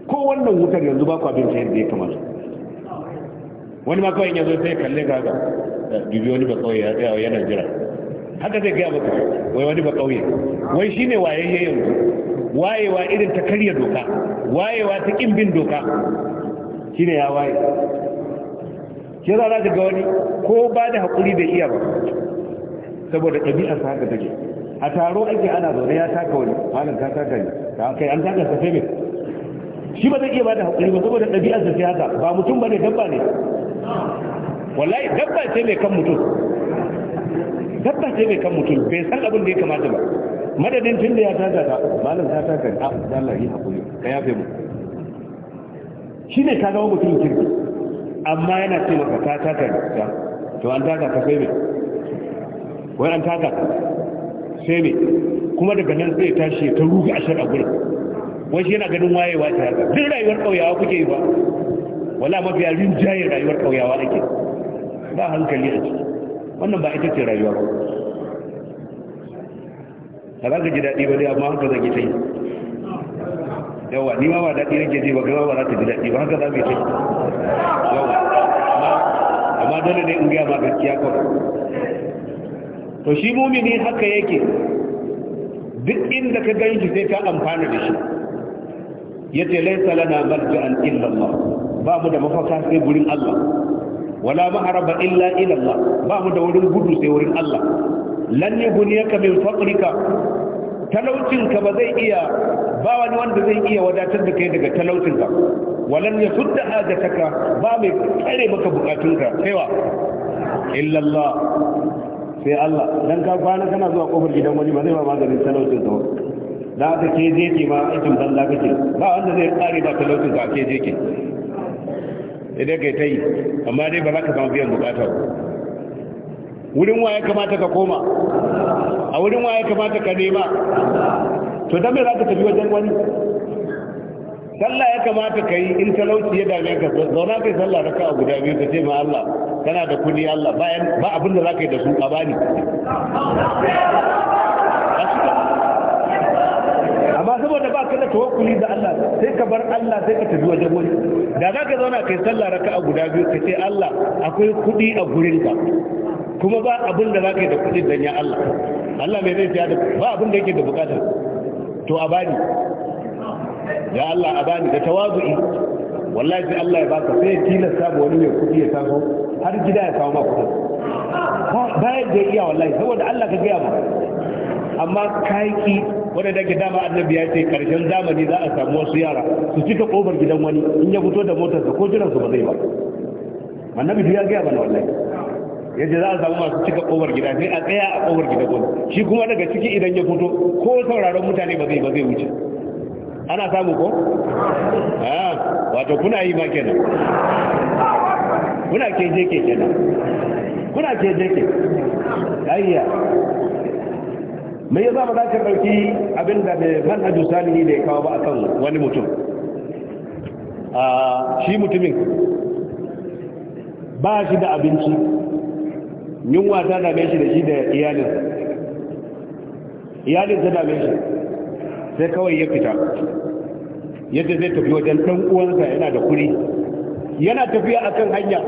ko wannan wutar yanzu ba ku abin yadda ya kamata wani ma kawai yanzu sai kalle ga ga dubi wani ba kauye ya tsaya yana jira haka zai gaya baka wai wani ba kauye wai shine waye ya yanzu wayewa irin ta karya doka wayewa ta kin bin doka shine ya waye ke za ka ga wani ko ba da haƙuri da iya ba saboda ɗabi'arsa haka take a taro ake ana zaune ya taka wani malam ta taka ne ta kai an taka sai ne shi ba zai iya bada hakuri ba saboda dabi'ar sa siyasa haka ba mutum bane dabba ne wallahi dabba ce mai kan mutum dabba ce mai kan mutum bai san abin da ya kamata ba madadin tun da ya taka ta malam ta taka ne a ah, Allah yi hakuri ka yafe mu shi ne ka zama mutum kirki amma yana ce maka ta taka ne to an taka ka sai ne wai an taka sai ne kuma daga nan zai tashi ta ruga a shar a gurin wasu yana ganin wayewa ta haka duk rayuwar ƙauyawa kuke yi ba wala mafiya rinjaye rayuwar ƙauyawa ake ba hankali a ciki wannan ba ita ce rayuwa ba ba za ka ji daɗi ba dai amma haka zan yi ta yi yawa ni ma ba daɗi yake ji ba gaba ba za ta ji daɗi ba haka za ka yi ta yi yawa amma dole ne in gaya ma gaskiya kawai to shi mumini haka yake duk inda ka gan shi sai ka amfana da shi ya ce laisa lana marja'an illa illallah. ba mu da mafaka sai gurin Allah wala maharaba illa ila ba mu da wurin gudu sai wurin Allah lan yughniyaka min faqrika talaucinka ba zai iya ba wani wanda zai iya wadatar da kai daga talaucinka walan ya fudda hajataka ba mai tsare maka bukatunka kaiwa illallah sai Allah dan ka kwana kana zuwa kofar gidan wani ba zai ba maganin talaucin sa da aka ke je ke ma aikin banza kake ba wanda zai tsari ba talaucin sa ke je ke idan kai tai amma dai ba za ka samu biyan bukata ba wurin waye kamata ka koma a wurin waye kamata ka nema to dan me za ka tafi wajen wani sallah ya kamata ka yi in talauci ya dame ka zauna kai sallah raka a guda biyu ka ce ma Allah kana da kuni Allah bayan ba abin da zaka yi da su a bani amma saboda ba ka da tawakkuli da Allah sai ka bar Allah sai ka tafi wajen wani da zaka zauna kai sallah raka a guda biyu ka ce Allah akwai kudi a gurin ka kuma ba abin da zaka yi da kudi dan ya Allah Allah mai zai da ba abin da yake da bukata to a bani ya Allah a bani da tawazu'i wallahi sai Allah ya baka sai ya tilasta ga wani mai kuɗi ya taso har gida ya samu maka ba bayan da iya wallahi saboda Allah ka gaya ba amma ki wanda da ke dama annabi ya ce karshen zamani za a samu wasu yara su cika kofar gidan wani in ya fito da motarsa ko jiran su ba zai ba annabi ya gaya ba wallahi yadda za a samu masu cika kofar gida sai a tsaya a kofar gida gwamnati shi kuma daga ciki idan ya fito ko sauraron mutane ba zai ba zai wuce ana samu ko ah wato kuna yi ma kenan kuna keje ke kenan kuna keje ke ayya mai yasa ba za ka ɗauki abin da mai manhajin salihi da ya kawo ba akan wani mutum a ah, shi mutumin ba shi da abinci yunwa ta dame shi da shi da iyalinsa iyalinsa dame shi sai kawai ya fita yadda zai tafi wajen ɗan uwansa yana da kuri yana tafiya a kan hanya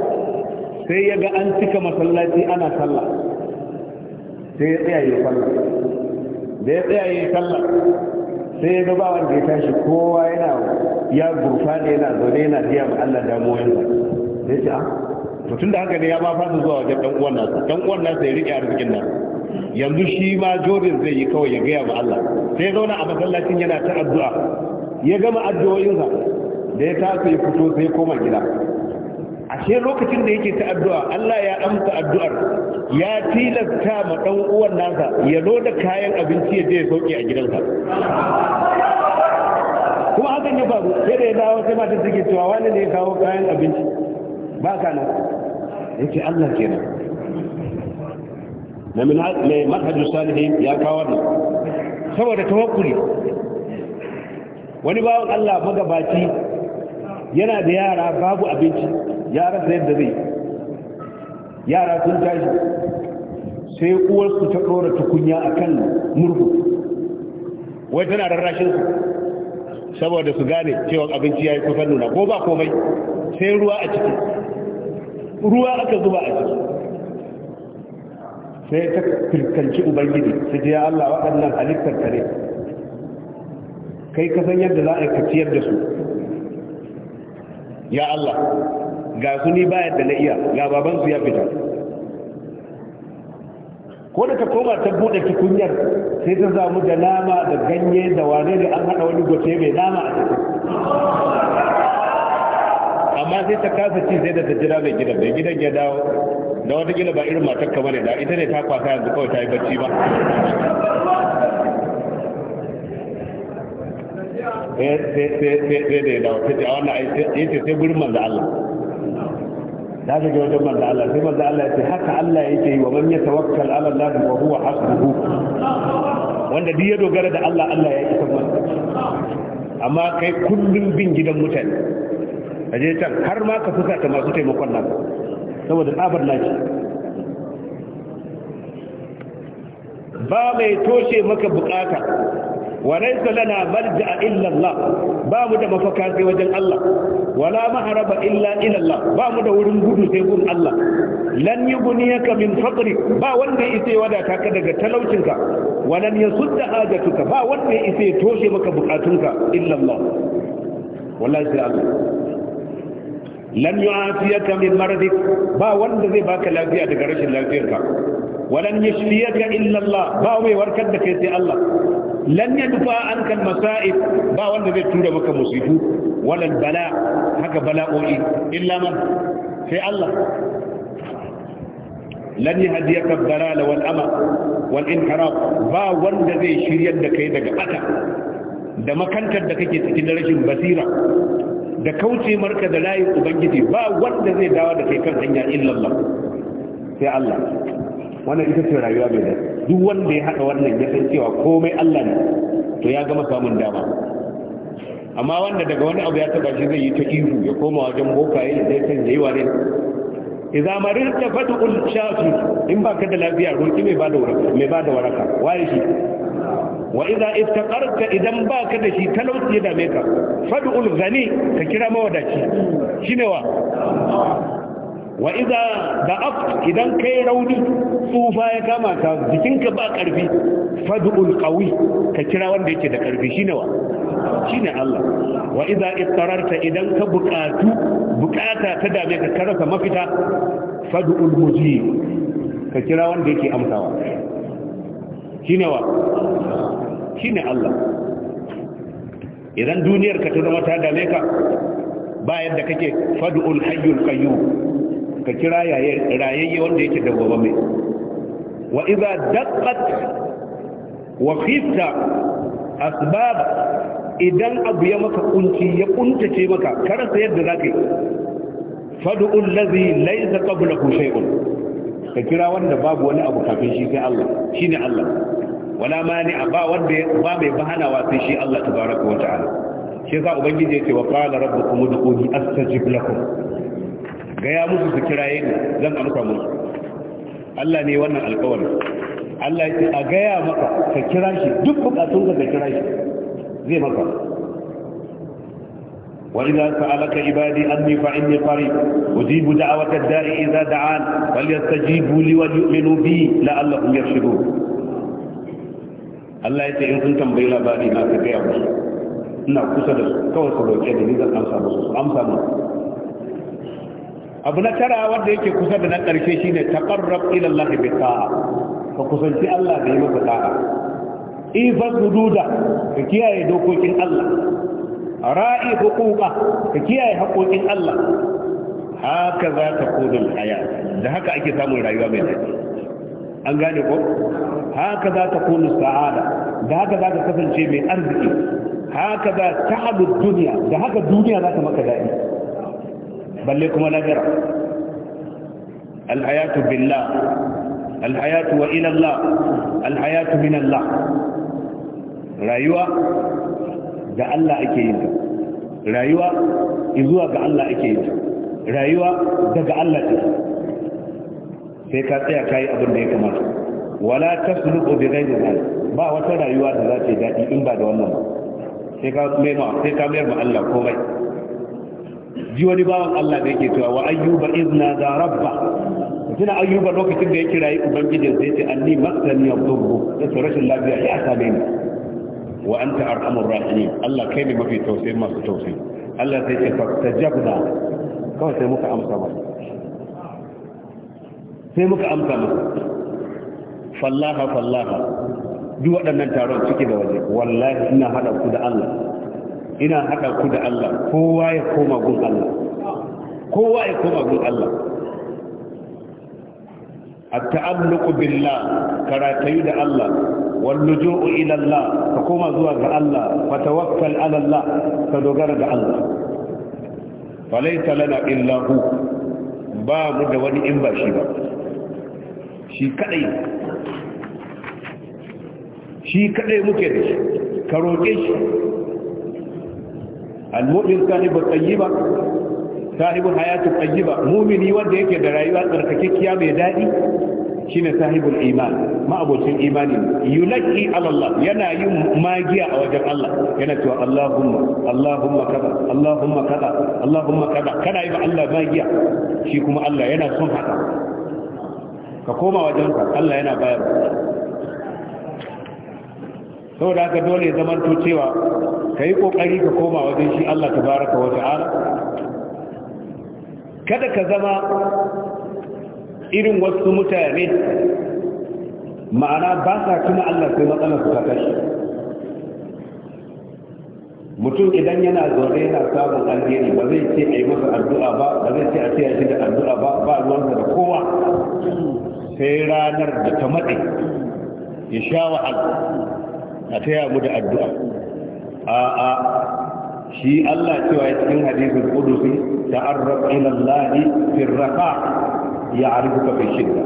sai ya ga an cika masallaci ana sallah sai ya tsayaye sallah da ya tsayaye sallah sai ya gaba wanda ya tashi kowa yana ya gurfa ne yana zaune yana biya ma Allah damuwansa sai ce a ah, to da haka ne ya ba fasa zuwa wajen ɗan uwan nasa ɗan uwan nasa ya riƙe arzikin nasa yanzu shi ma jorin zai yi kawai ya gaya ma Allah sai ya zauna a masallacin yana ta addu'a ya gama addu'o'insa da ya tafi ya fito sai koma gida ashe lokacin da yake ta addu'a Allah ya amsa addu'ar ya tilasta ma dan uwan nasa ya loda kayan abinci ya je ya sauke a gidansa kuma hakan ya faru sai da ya dawo sai mata take cewa wani ne ya kawo kayan abinci ba ka nan yace Allah kenan na mai manhajus salihin ya kawo wannan saboda tawakkuli wani bawon Allah magabaci yana da yara babu abinci ya rasa yadda zai yara sun tashi sai uwarsu ta ɗora tukunya a kan murhu wai tana rarrashinsu saboda su gane cewa abinci ya yi kusan nuna ko ba komai sai ruwa a ciki ruwa aka zuba a ciki sai ta fuskanci ubangiji ta ya Allah waɗannan halittar tare. ne kai ka san yadda za a ka ciyar da su ya Allah ga su ni bayar da na iya ga baban su ya fita ko da ka koma ta bude tukunyar sai ta zamu da nama da ganye da wane da an haɗa wani gote mai nama a cikin amma sai ta kasa ci sai da ta jira mai gidan mai gidan ya dawo da gina ba irin matar ka bane da ita ne ta kwasa yanzu kawai ta yi bacci ba sai da wata ce a wannan ya ce sai gurin manzo Allah ta ga wajen manzo Allah sai manzo Allah ya ce haka Allah ya yi wa man tawakkal ala Allah wa huwa hasbuhu wanda duk ya dogara da Allah Allah ya isa masa amma kai kullum bin gidan mutane a can har ma ka fusa ta masu taimakon nan saboda tsabar lafi ba mai toshe maka bukata warai salana marja a illallah ba mu da mafaka sai wajen Allah wala maharaba illa illallah ba mu da wurin gudu sai gun Allah lan yi guniyaka min faqri ba wanda ya isa wadata ka daga talaucinka walan yasudda hajatuka ba wanda ya isa toshe maka bukatunka illallah wallahi sai Allah lam yu'afiyaka min maradik ba wanda zai baka lafiya daga rashin lafiyarka walan yashfiyaka illa Allah ba mai warkar da kai sai Allah lan yadfa anka al-masa'ib ba wanda zai tura maka musibu walan bala haka bala'o'i illa man sai Allah lan yahdiyaka ad-dalal wal ama wal inhiraf ba wanda zai shiryar da kai daga bata da makantar da kake cikin rashin basira da kauce marka da layin ubangiji ba wanda zai dawo da kai kan hanya illallah sai Allah wannan ita ce rayuwa mai da duk wanda ya haɗa wannan ya san cewa komai Allah ne to ya gama samun dama amma wanda daga wani abu ya taba shi zai yi ta ihu ya koma wajen bokaye da ya san yayi wani idza marirta fatu shafi in baka da lafiya roki mai da waraka mai bada waraka waye shi wa idza iftaqarta idan baka da shi talauci ya dame ka fad'ul ghani ka kira mawadaci shine wa wa idza da'af idan kai rauni tsufa ya kama ka jikinka ba karfi fad'ul qawi ka kira wanda yake da karfi shine wa shine Allah wa idza ittararta idan ka bukatu bukata ta dame ka karasa mafita fad'ul mujib ka kira wanda yake amsawa shine wa shine Allah idan duniyar ka ta zama ta dame ka ba yadda kake fad'ul hayyul qayyum ka kira yayin rayayye wanda yake da mai wa idza daqqat wa khifta asbab idan abu ya maka kunci ya kuntace maka karasa yadda zaka yi fad'ul ladhi laysa qablahu shay'un ka kira wanda babu wani abu kafin shi sai Allah shi ne Allah wala mani ba wanda ba mai bahanawa sai shi Allah ta baraka wa ta'ala shi yasa ubangiji yace wa qala rabbukum ud'uni astajib lakum ga ya musu su kiraye ni zan amsa musu Allah ne wannan alƙawari Allah ya ce a gaya maka ka kira shi duk bukatun ka ka kira shi zai maka وإذا سألك عبادي أني فإني قريب أجيب دعوة الداء إذا دعان فليستجيبوا لي وليؤمنوا بي لعلهم يرشدون Allah ya ce in sun tambayi labari na ka gaya musu ina kusa da su kawai su roƙe da ni zan amsa musu su amsa mu abu na tara wanda yake kusa da na ƙarshe shine taqarrab ila Allah bi ta'a ka kusanci Allah da yi maka ta'a ifas hududa ka kiyaye dokokin Allah ra'i hukuka ka kiyaye haƙoƙin Allah haka za ta kodin haya da haka ake samun rayuwa mai daɗi an gane ko haka za ta kunu sa'ada da haka za ka kasance mai arziki haka za ta abu duniya da haka duniya za ta maka daɗi balle kuma lahira الحياة بالله الحياة وإلى الله الحياة من الله rayuwa ga Allah ake yin rayuwa zuwa ga Allah ake yin ta rayuwa daga Allah ce sai ka tsaya kayi abin da ya kamata wala tasluqu bi ghayri zalik ba wata rayuwa da za ta dadi in ba da wannan ba sai ka mai ma sai ka mai ma Allah komai ji wani bawan Allah da yake cewa wa ayyuba izna da rabba tuna ayyuba lokacin da ya kirayi ubangijin sai ce anni masani yadurru da rashin lafiya ya same ni wa anta arhamur rahimin Allah kai ne mafi tausayi masu tausayi Allah sai ce fastajabna kawai sai muka amsa masa sai muka amsa masa fallaha fallaha duk waɗannan taron ciki da waje wallahi ina haɗa ku da Allah ina haɗa ku da Allah kowa ya koma gun Allah kowa ya koma gun Allah at-ta'alluqu billah karatayu da Allah wal nuju'u ila ka koma zuwa ga Allah fa tawakkal ka dogara ga Allah falaysa lana illa ba mu da wani in ba shi ba shi kadai shi kadai muke da shi hayatu tayyiba mu'mini wanda yake da rayuwa tsarkakekkiya mai daɗi shine sahibul iman ma'abocin imani yulaki ala Allah yana yin magiya a wajen Allah yana cewa Allahumma Allahumma kada, Allahumma kada, Allahumma kada. kana yi ba Allah magiya shi kuma Allah yana son haka ka koma wajen Allah yana bayar saboda haka dole ya zama to cewa kai kokari ka koma wajen shi Allah tabaraka wa ta'ala kada ka zama irin wasu mutane ma'ana ba sa tuna Allah sai matsala su ta kashi mutum idan yana zaune yana samun alheri ba zai ce a yi masa addu'a ba ba zai ce a ce a shi da addu'a ba ba ruwansa da kowa sai ranar da ta matse ya sha wa'ala a taya mu da addu'a a'a shi Allah cewa cikin hadisul qudusi ta'arraf ila Allah fi Ya ya'rifuka bai shirya.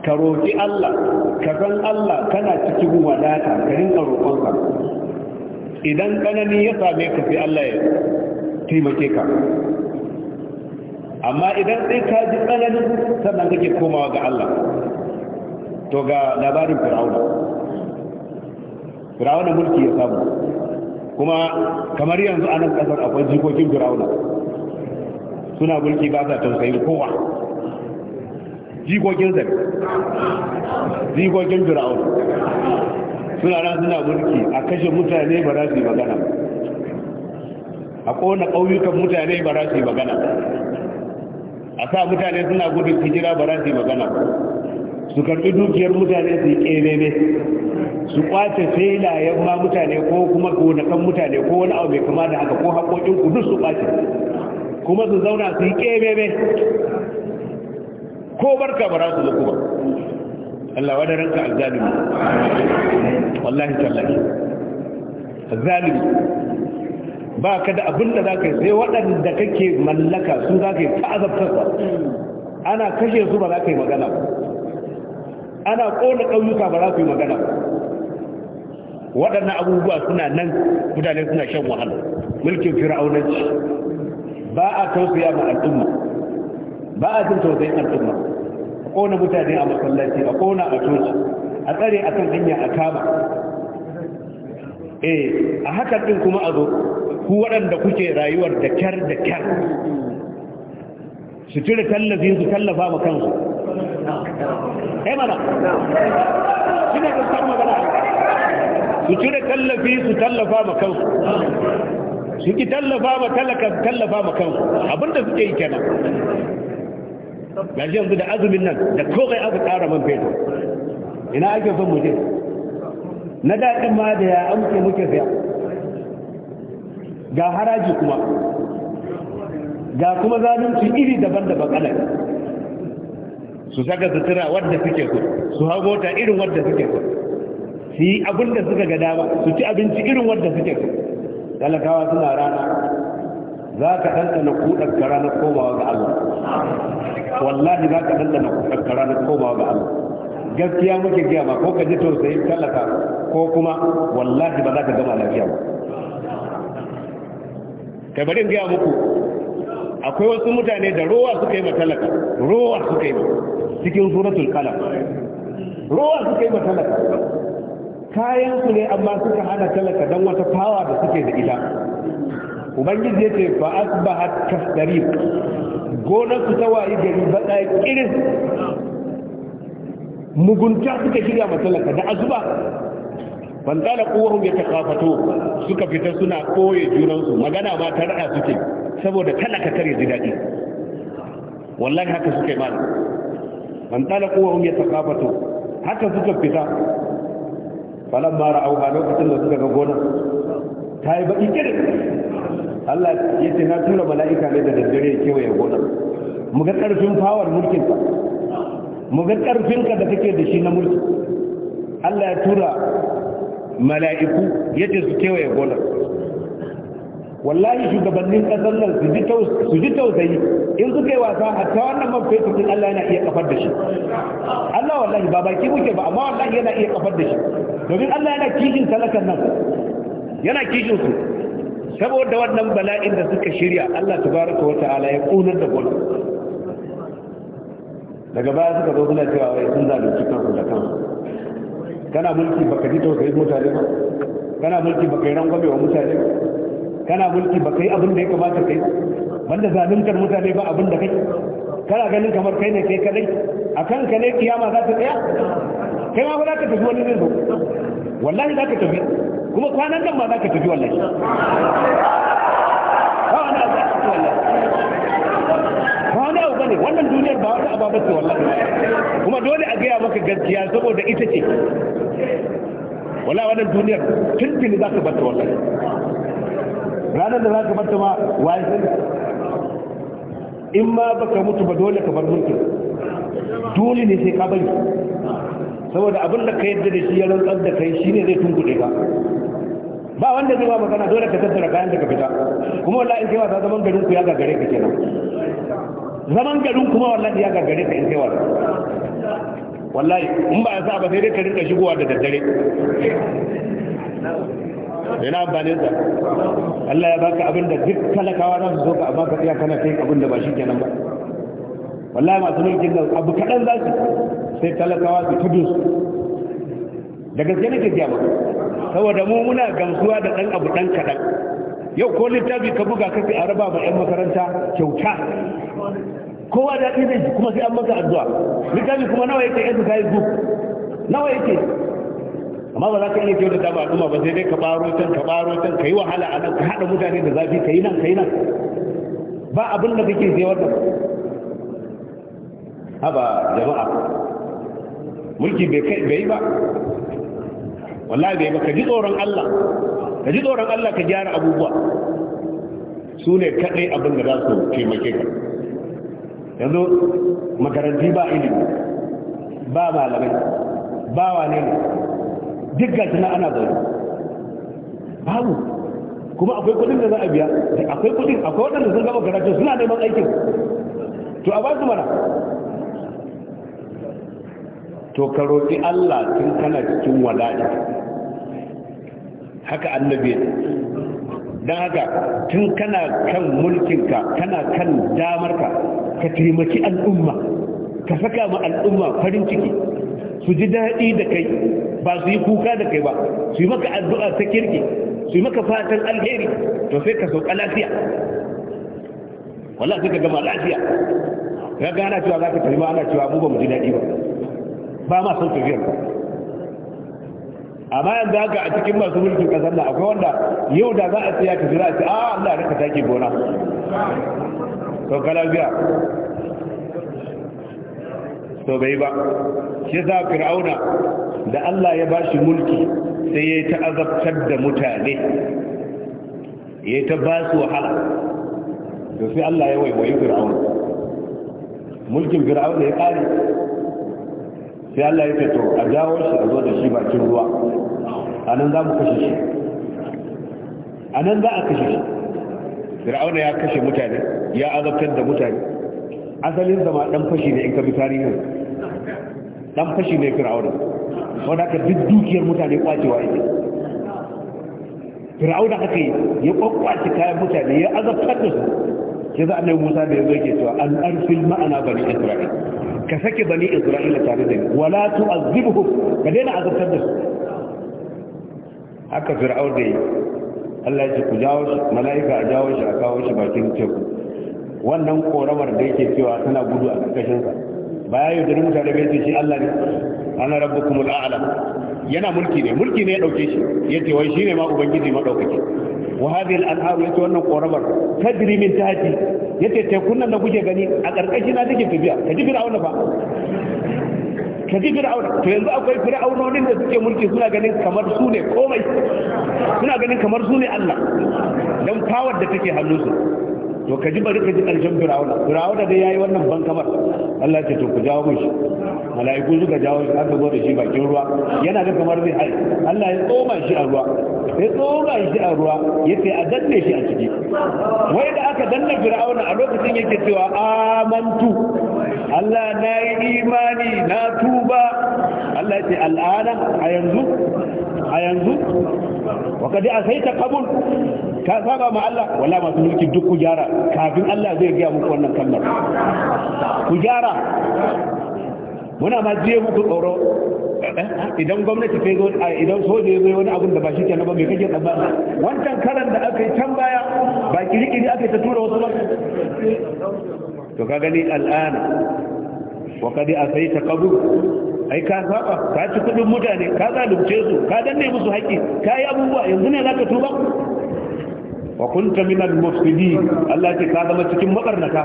ka roƙi Allah ka san Allah kana cikin wadata ka rinka ka. idan ƙanani ya same ka fi Allah ya taimake ka amma idan sai ka ji tsananin sannan kake komawa ga Allah to ga labarin fir'auna fir'auna mulki ya samu kuma kamar yanzu anan nan kasar akwai jikokin fir'auna suna mulki ba sa tausayin kowa jigogin zai jigogin fir'aun suna ran suna mulki a kashe mutane ba za su yi magana a kowane ƙauyukan mutane ba za su yi magana a sa mutane suna gudun hijira ba za su yi magana su karɓi dukiyar mutane su yi ƙerere su kwace filayen ma mutane ko kuma gonakan mutane ko wani abu mai kama da haka ko haƙoƙin ku duk su kwace kuma su zauna su yi kebebe ko barka ba za su zuku ba Allah wadda ranka azzalimi wallahi tallahi azzalimi ba ka da abinda za ka yi sai waɗanda kake mallaka sun za ka yi ta'azabtarsa ana kashe su ba za ka yi magana ana ƙona ƙauyuka ba za ka yi magana waɗannan abubuwa suna nan mutane suna shan wahala mulkin fir'aunanci ba a tausaya ma al'umma ba a jin tausayin al'umma a kona mutane a masallaci a kona a coci a tsare a kan hanya a kama eh a haka ɗin kuma a zo ku waɗanda kuke rayuwar da kyar da kyar su cire tallafin su tallafa ma kansu eh mana shine da samu magana su cire tallafi su tallafa ma kansu su ki tallafa ma talaka tallafa ma kan abinda suke yi kenan gashi yanzu da azumin nan da komai aka tsara man fetur ina ake son mutum na daɗin ma da ya amke muke siya ga haraji kuma ga kuma zalunci iri daban-daban alal su saka sutura wadda suke su su hagota ta irin wadda suke so su yi abinda suka ga dama su ci abinci irin wadda suke su talakawa suna rana za ka ɗanɗana kuɗar ka na komawa ga Allah wallahi za ka ɗanɗana kuɗar ka na komawa ga Allah gaskiya muke gaya ba ko ka ji tausayin talaka ko kuma wallahi ba za ka gama lafiya ba kai bari gaya muku akwai wasu mutane da rowa suka yi matalaka rowa suka yi cikin suratul kalam rowa suka yi matalaka kayan su ne amma suka hana talaka don wata fawa da suke da ita ubangiji yace fa asbahat kasdari gonar su ta wayi gari ɗaya kirin mugunta suka shirya ma talaka da azuba ban kala kowahun ya takafato suka fita suna koye junansu magana ma ta rada suke saboda talaka kare ji daɗi wallahi haka suke mana ban kala kowahun ya takafato haka suka fita falan mara auha lokacin da suka ga gona? ta yi baki kirin Allah ya ce na tura mala'ika ne da daddare kewaye gona. mu ga karfin fawar mulkin ka mu ga karfin ka da kake da shi na mulki Allah ya tura mala'iku ya ce su kewaye gona. wallahi shugabannin kasar nan su ji tausayi in suka yi wasa a hatta wannan man fetur din Allah yana iya kafar da shi Allah wallahi ba baki muke ba amma wallahi yana iya kafar da shi domin Allah yana kishin talakan nan yana kishin su saboda wannan bala'in da suka shirya Allah tabaraka wa ta'ala ya kunar da gwamnati daga baya suka zo suna cewa wai sun zalunci kansu da kansu kana mulki baka ji tausayin mutane ba kana mulki baka yi rangwame wa mutane ba kana mulki ba kai abin da ya kamata kai banda zaluntar mutane ba abin da kai kana ganin kamar kai ne kai kadai a kan ka ne kiyama za ta tsaya kai ma ba za ka tafi wani zai zo wallahi za ka tafi kuma kwanan nan ma za ka tafi wallahi ba wani abu za ka tafi wallahi ba wani abu bane wannan duniyar ba wani abu ce wallahi kuma dole a gaya maka gaskiya saboda ita ce wallahi wannan duniyar tuntuni za ka bata wallahi ranar da za ka barta ma waye sai in ma ka mutu ba dole ka bar mulkin dole ne sai ka bari saboda abin da ka yadda da shi ya rantsar da kai shine zai tunkuɗe ka ba wanda zai ba magana dole ka tattara kayan da ka fita kuma wala in kai wasa zaman garin ku ya gagare ka kenan zaman garin kuma wallahi ya gagare ka in kewa wallahi in ba a sa ba sai dai ka rinka shigowa da daddare yana amfani da Allah ya baka abin da duk talakawa za su zo ka amma ka tsaya kana kai abin da ba shi kenan ba wallahi masu mulkin nan abu kaɗan za su sai talakawa su tudu da gaske nake gaya ba saboda mu muna gamsuwa da ɗan abu ɗan kaɗan yau ko littafi ka buga ka fi a raba ma 'yan makaranta kyauta kowa da ɗin kuma sai an maka addu'a littafi kuma nawa yake exercise book nawa yake amma ba za ka iya kyauta ba al'umma ba sai dai ka baro can ka baro can ka yi wahala a nan ka haɗa mutane da zafi ka yi nan ka yi nan ba abin da kake zai wannan haba jama'a mulki bai yi ba wallahi bai ba ka ji tsoron Allah ka ji tsoron Allah ka gyara abubuwa su ne kaɗai abin da za su taimake ka yanzu makaranti ba ilimi ba malamai ba wane ne duk gashi na ana zaune babu kuma akwai kudin da za a biya akwai kudin akwai waɗanda sun gaba karatu suna neman aikin to a ba su mana to ka roƙi Allah tun kana cikin wala'i haka annabi don haka tun kana kan mulkinka kana kan damarka ka taimaki al'umma ka saka ma al'umma farin ciki su ji daɗi da kai ba su yi kuka da kai ba su yi maka addu'a ta kirki su yi maka fatan alheri to sai ka sauka lafiya wala sai ka gama lafiya ka gana cewa za ka tafi ana cewa mu ba mu ji daɗi ba ba ma son tafiyar ba amma yanzu haka a cikin masu mulkin kasar nan akwai wanda yau da za a tsaya ka jira a ce a ah, Allah ya raka take gona to lafiya. to bai ba shi za fir'auna da Allah ya bashi mulki sai ya ta azabtar da mutane ya ta ba su wahala to sai Allah ya waiwayi fir'auna mulkin fir'auna ya kare sai Allah ya to a jawo shi a zo da shi bakin ruwa a nan za mu kashe shi a nan za a kashe shi fir'auna ya kashe mutane ya azabtar da mutane asalin zama dan fashi ne in ka bi tarihin dan fashi ne fir'auna wanda ka duk dukiyar mutane kwacewa yake fir'auna haka ya kwakwace kayan mutane ya azabtar da su sai za a annabi Musa da yazo yake cewa an arfil ma'ana bani Isra'il ka sake bani Isra'ila tare da ni wala tu'azzibuhum ka daina azabtar da su haka fir'auna da Allah ya ce ku jawo shi mala'ika a jawo shi a kawo shi bakin teku wannan koramar da yake cewa tana gudu a ƙarƙashinsa ba ya yi dare mutane bai shi Allah ne ana rabu kuma la'ala yana mulki ne mulki ne ya ɗauke shi ya ce wai shi ne ma ubangiji ɗaukaki. wa hadhihi al ya yace wannan koramar tajri min tahti yace tekun nan da kuke gani a ƙarƙashi na take tafiya ka ji fir'auna fa ka ji fir'auna to yanzu akwai fir'aunonin da suke mulki suna ganin kamar su ne komai suna ganin kamar su ne Allah dan power da take hannunsu to ka ji bari ka ji ƙarshen firawuna firawuna dai yayi wannan ban kamar, Allah ce to ku jawo mishi mala'iku suka jawo shi aka zo da shi bakin ruwa yana da kamar zai hai Allah ya tsoma shi a ruwa ya tsoma shi a ruwa yace a danne shi a ciki wai da aka danna firawuna a lokacin yake cewa amantu Allah na yi imani na tuba Allah ya ce al'ana a yanzu a yanzu wa kadi ta qabul ka saba ma Allah wala masu mulki duk ku gyara kafin Allah zai gaya muku wannan kalmar ku gyara muna ma je muku tsoro idan gwamnati ta zo idan soja ya zo wani abin da ba shi kenan ba mai kake ba wancan karan da aka yi can baya ba kirkiri aka yi ta tura wasu ba to ka gani al'ana wa kadi ta kabu, ai ka saba ka ci kudin mutane ka zalunce su ka danne musu haƙƙi ka yi abubuwa yanzu ne za ka tuba wa kunta minal mufsidin Allah ce ka zama cikin mabarnata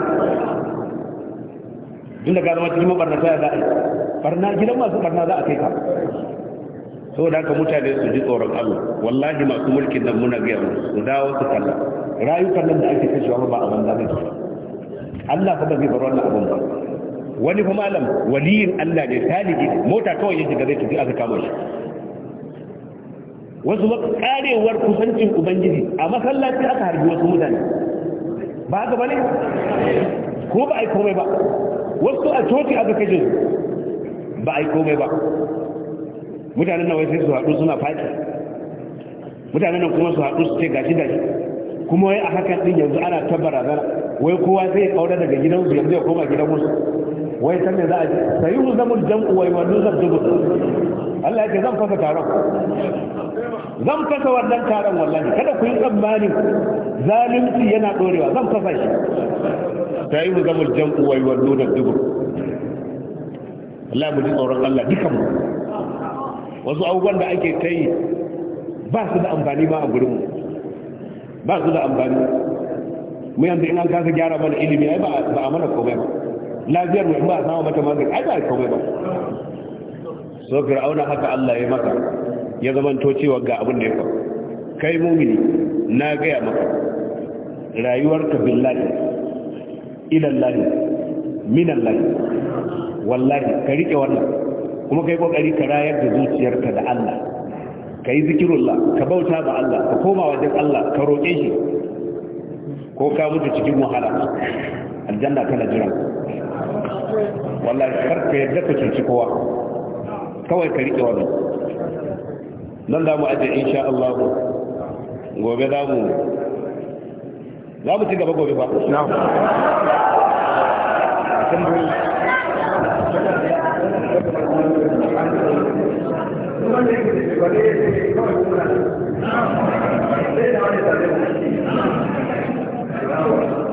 inda ka zama cikin mabarnata ya zai barna gidan masu barna za a kai ka saboda haka mutane su ji tsoron Allah wallahi masu mulkin nan muna ga yau su dawo su kalla rayukan nan da ake kashewa ba a banza ne Allah fa ba zai bar wannan abun ba wani fa malam waliyin Allah ne talibi mota kawai yake ga zai tafi aka kama shi wasu karewar kusancin ubangiji a masallaci aka harbi wasu mutane ba haka bane ko ba a yi komai ba wasu a coci aka kashe ba a yi komai ba mutanen nan wai sai su haɗu suna faki mutanen nan kuma su haɗu su ce gashi gashi kuma wai a hakan din yanzu ana ta barazana wai kowa zai ya kaura daga gidan su yanzu ya koma gidan musu wai san ne za a sayi mu zamul jam'u wai wa nuzar jubur Allah ya ce zan fasa taron zan kasa wannan taron wallahi kada ku yi tsammanin zalunci yana dorewa zan kasa shi ta yi zamul jam'u yi wallo da dubu Allah mu ji tsoron Allah dukan mu wasu abubuwan da ake ta yi ba su da amfani ba a gurin mu ba su da amfani mu yanzu in an kasa gyara mana ilimi ai ba a mana komai ba lafiyar mu ba a samu mata magani ai ba a komai ba so fir'auna haka Allah ya maka ya zamanto cewa ga abin da ya faru kai mumini na gaya maka rayuwarka billahi ilallahi minallahi wallahi ka rike wannan kuma kai kokari ka rayar da zuciyarka da Allah ka yi zikirullah ka bauta ga Allah ka koma wajen Allah ka roƙe shi ko ka mutu cikin wahala aljanna tana jira wallahi karka yadda ka cuci kowa kawai ka rike wannan nan da mu aje insha Allah gobe da mu za mu ci gaba gobe ba Thank you.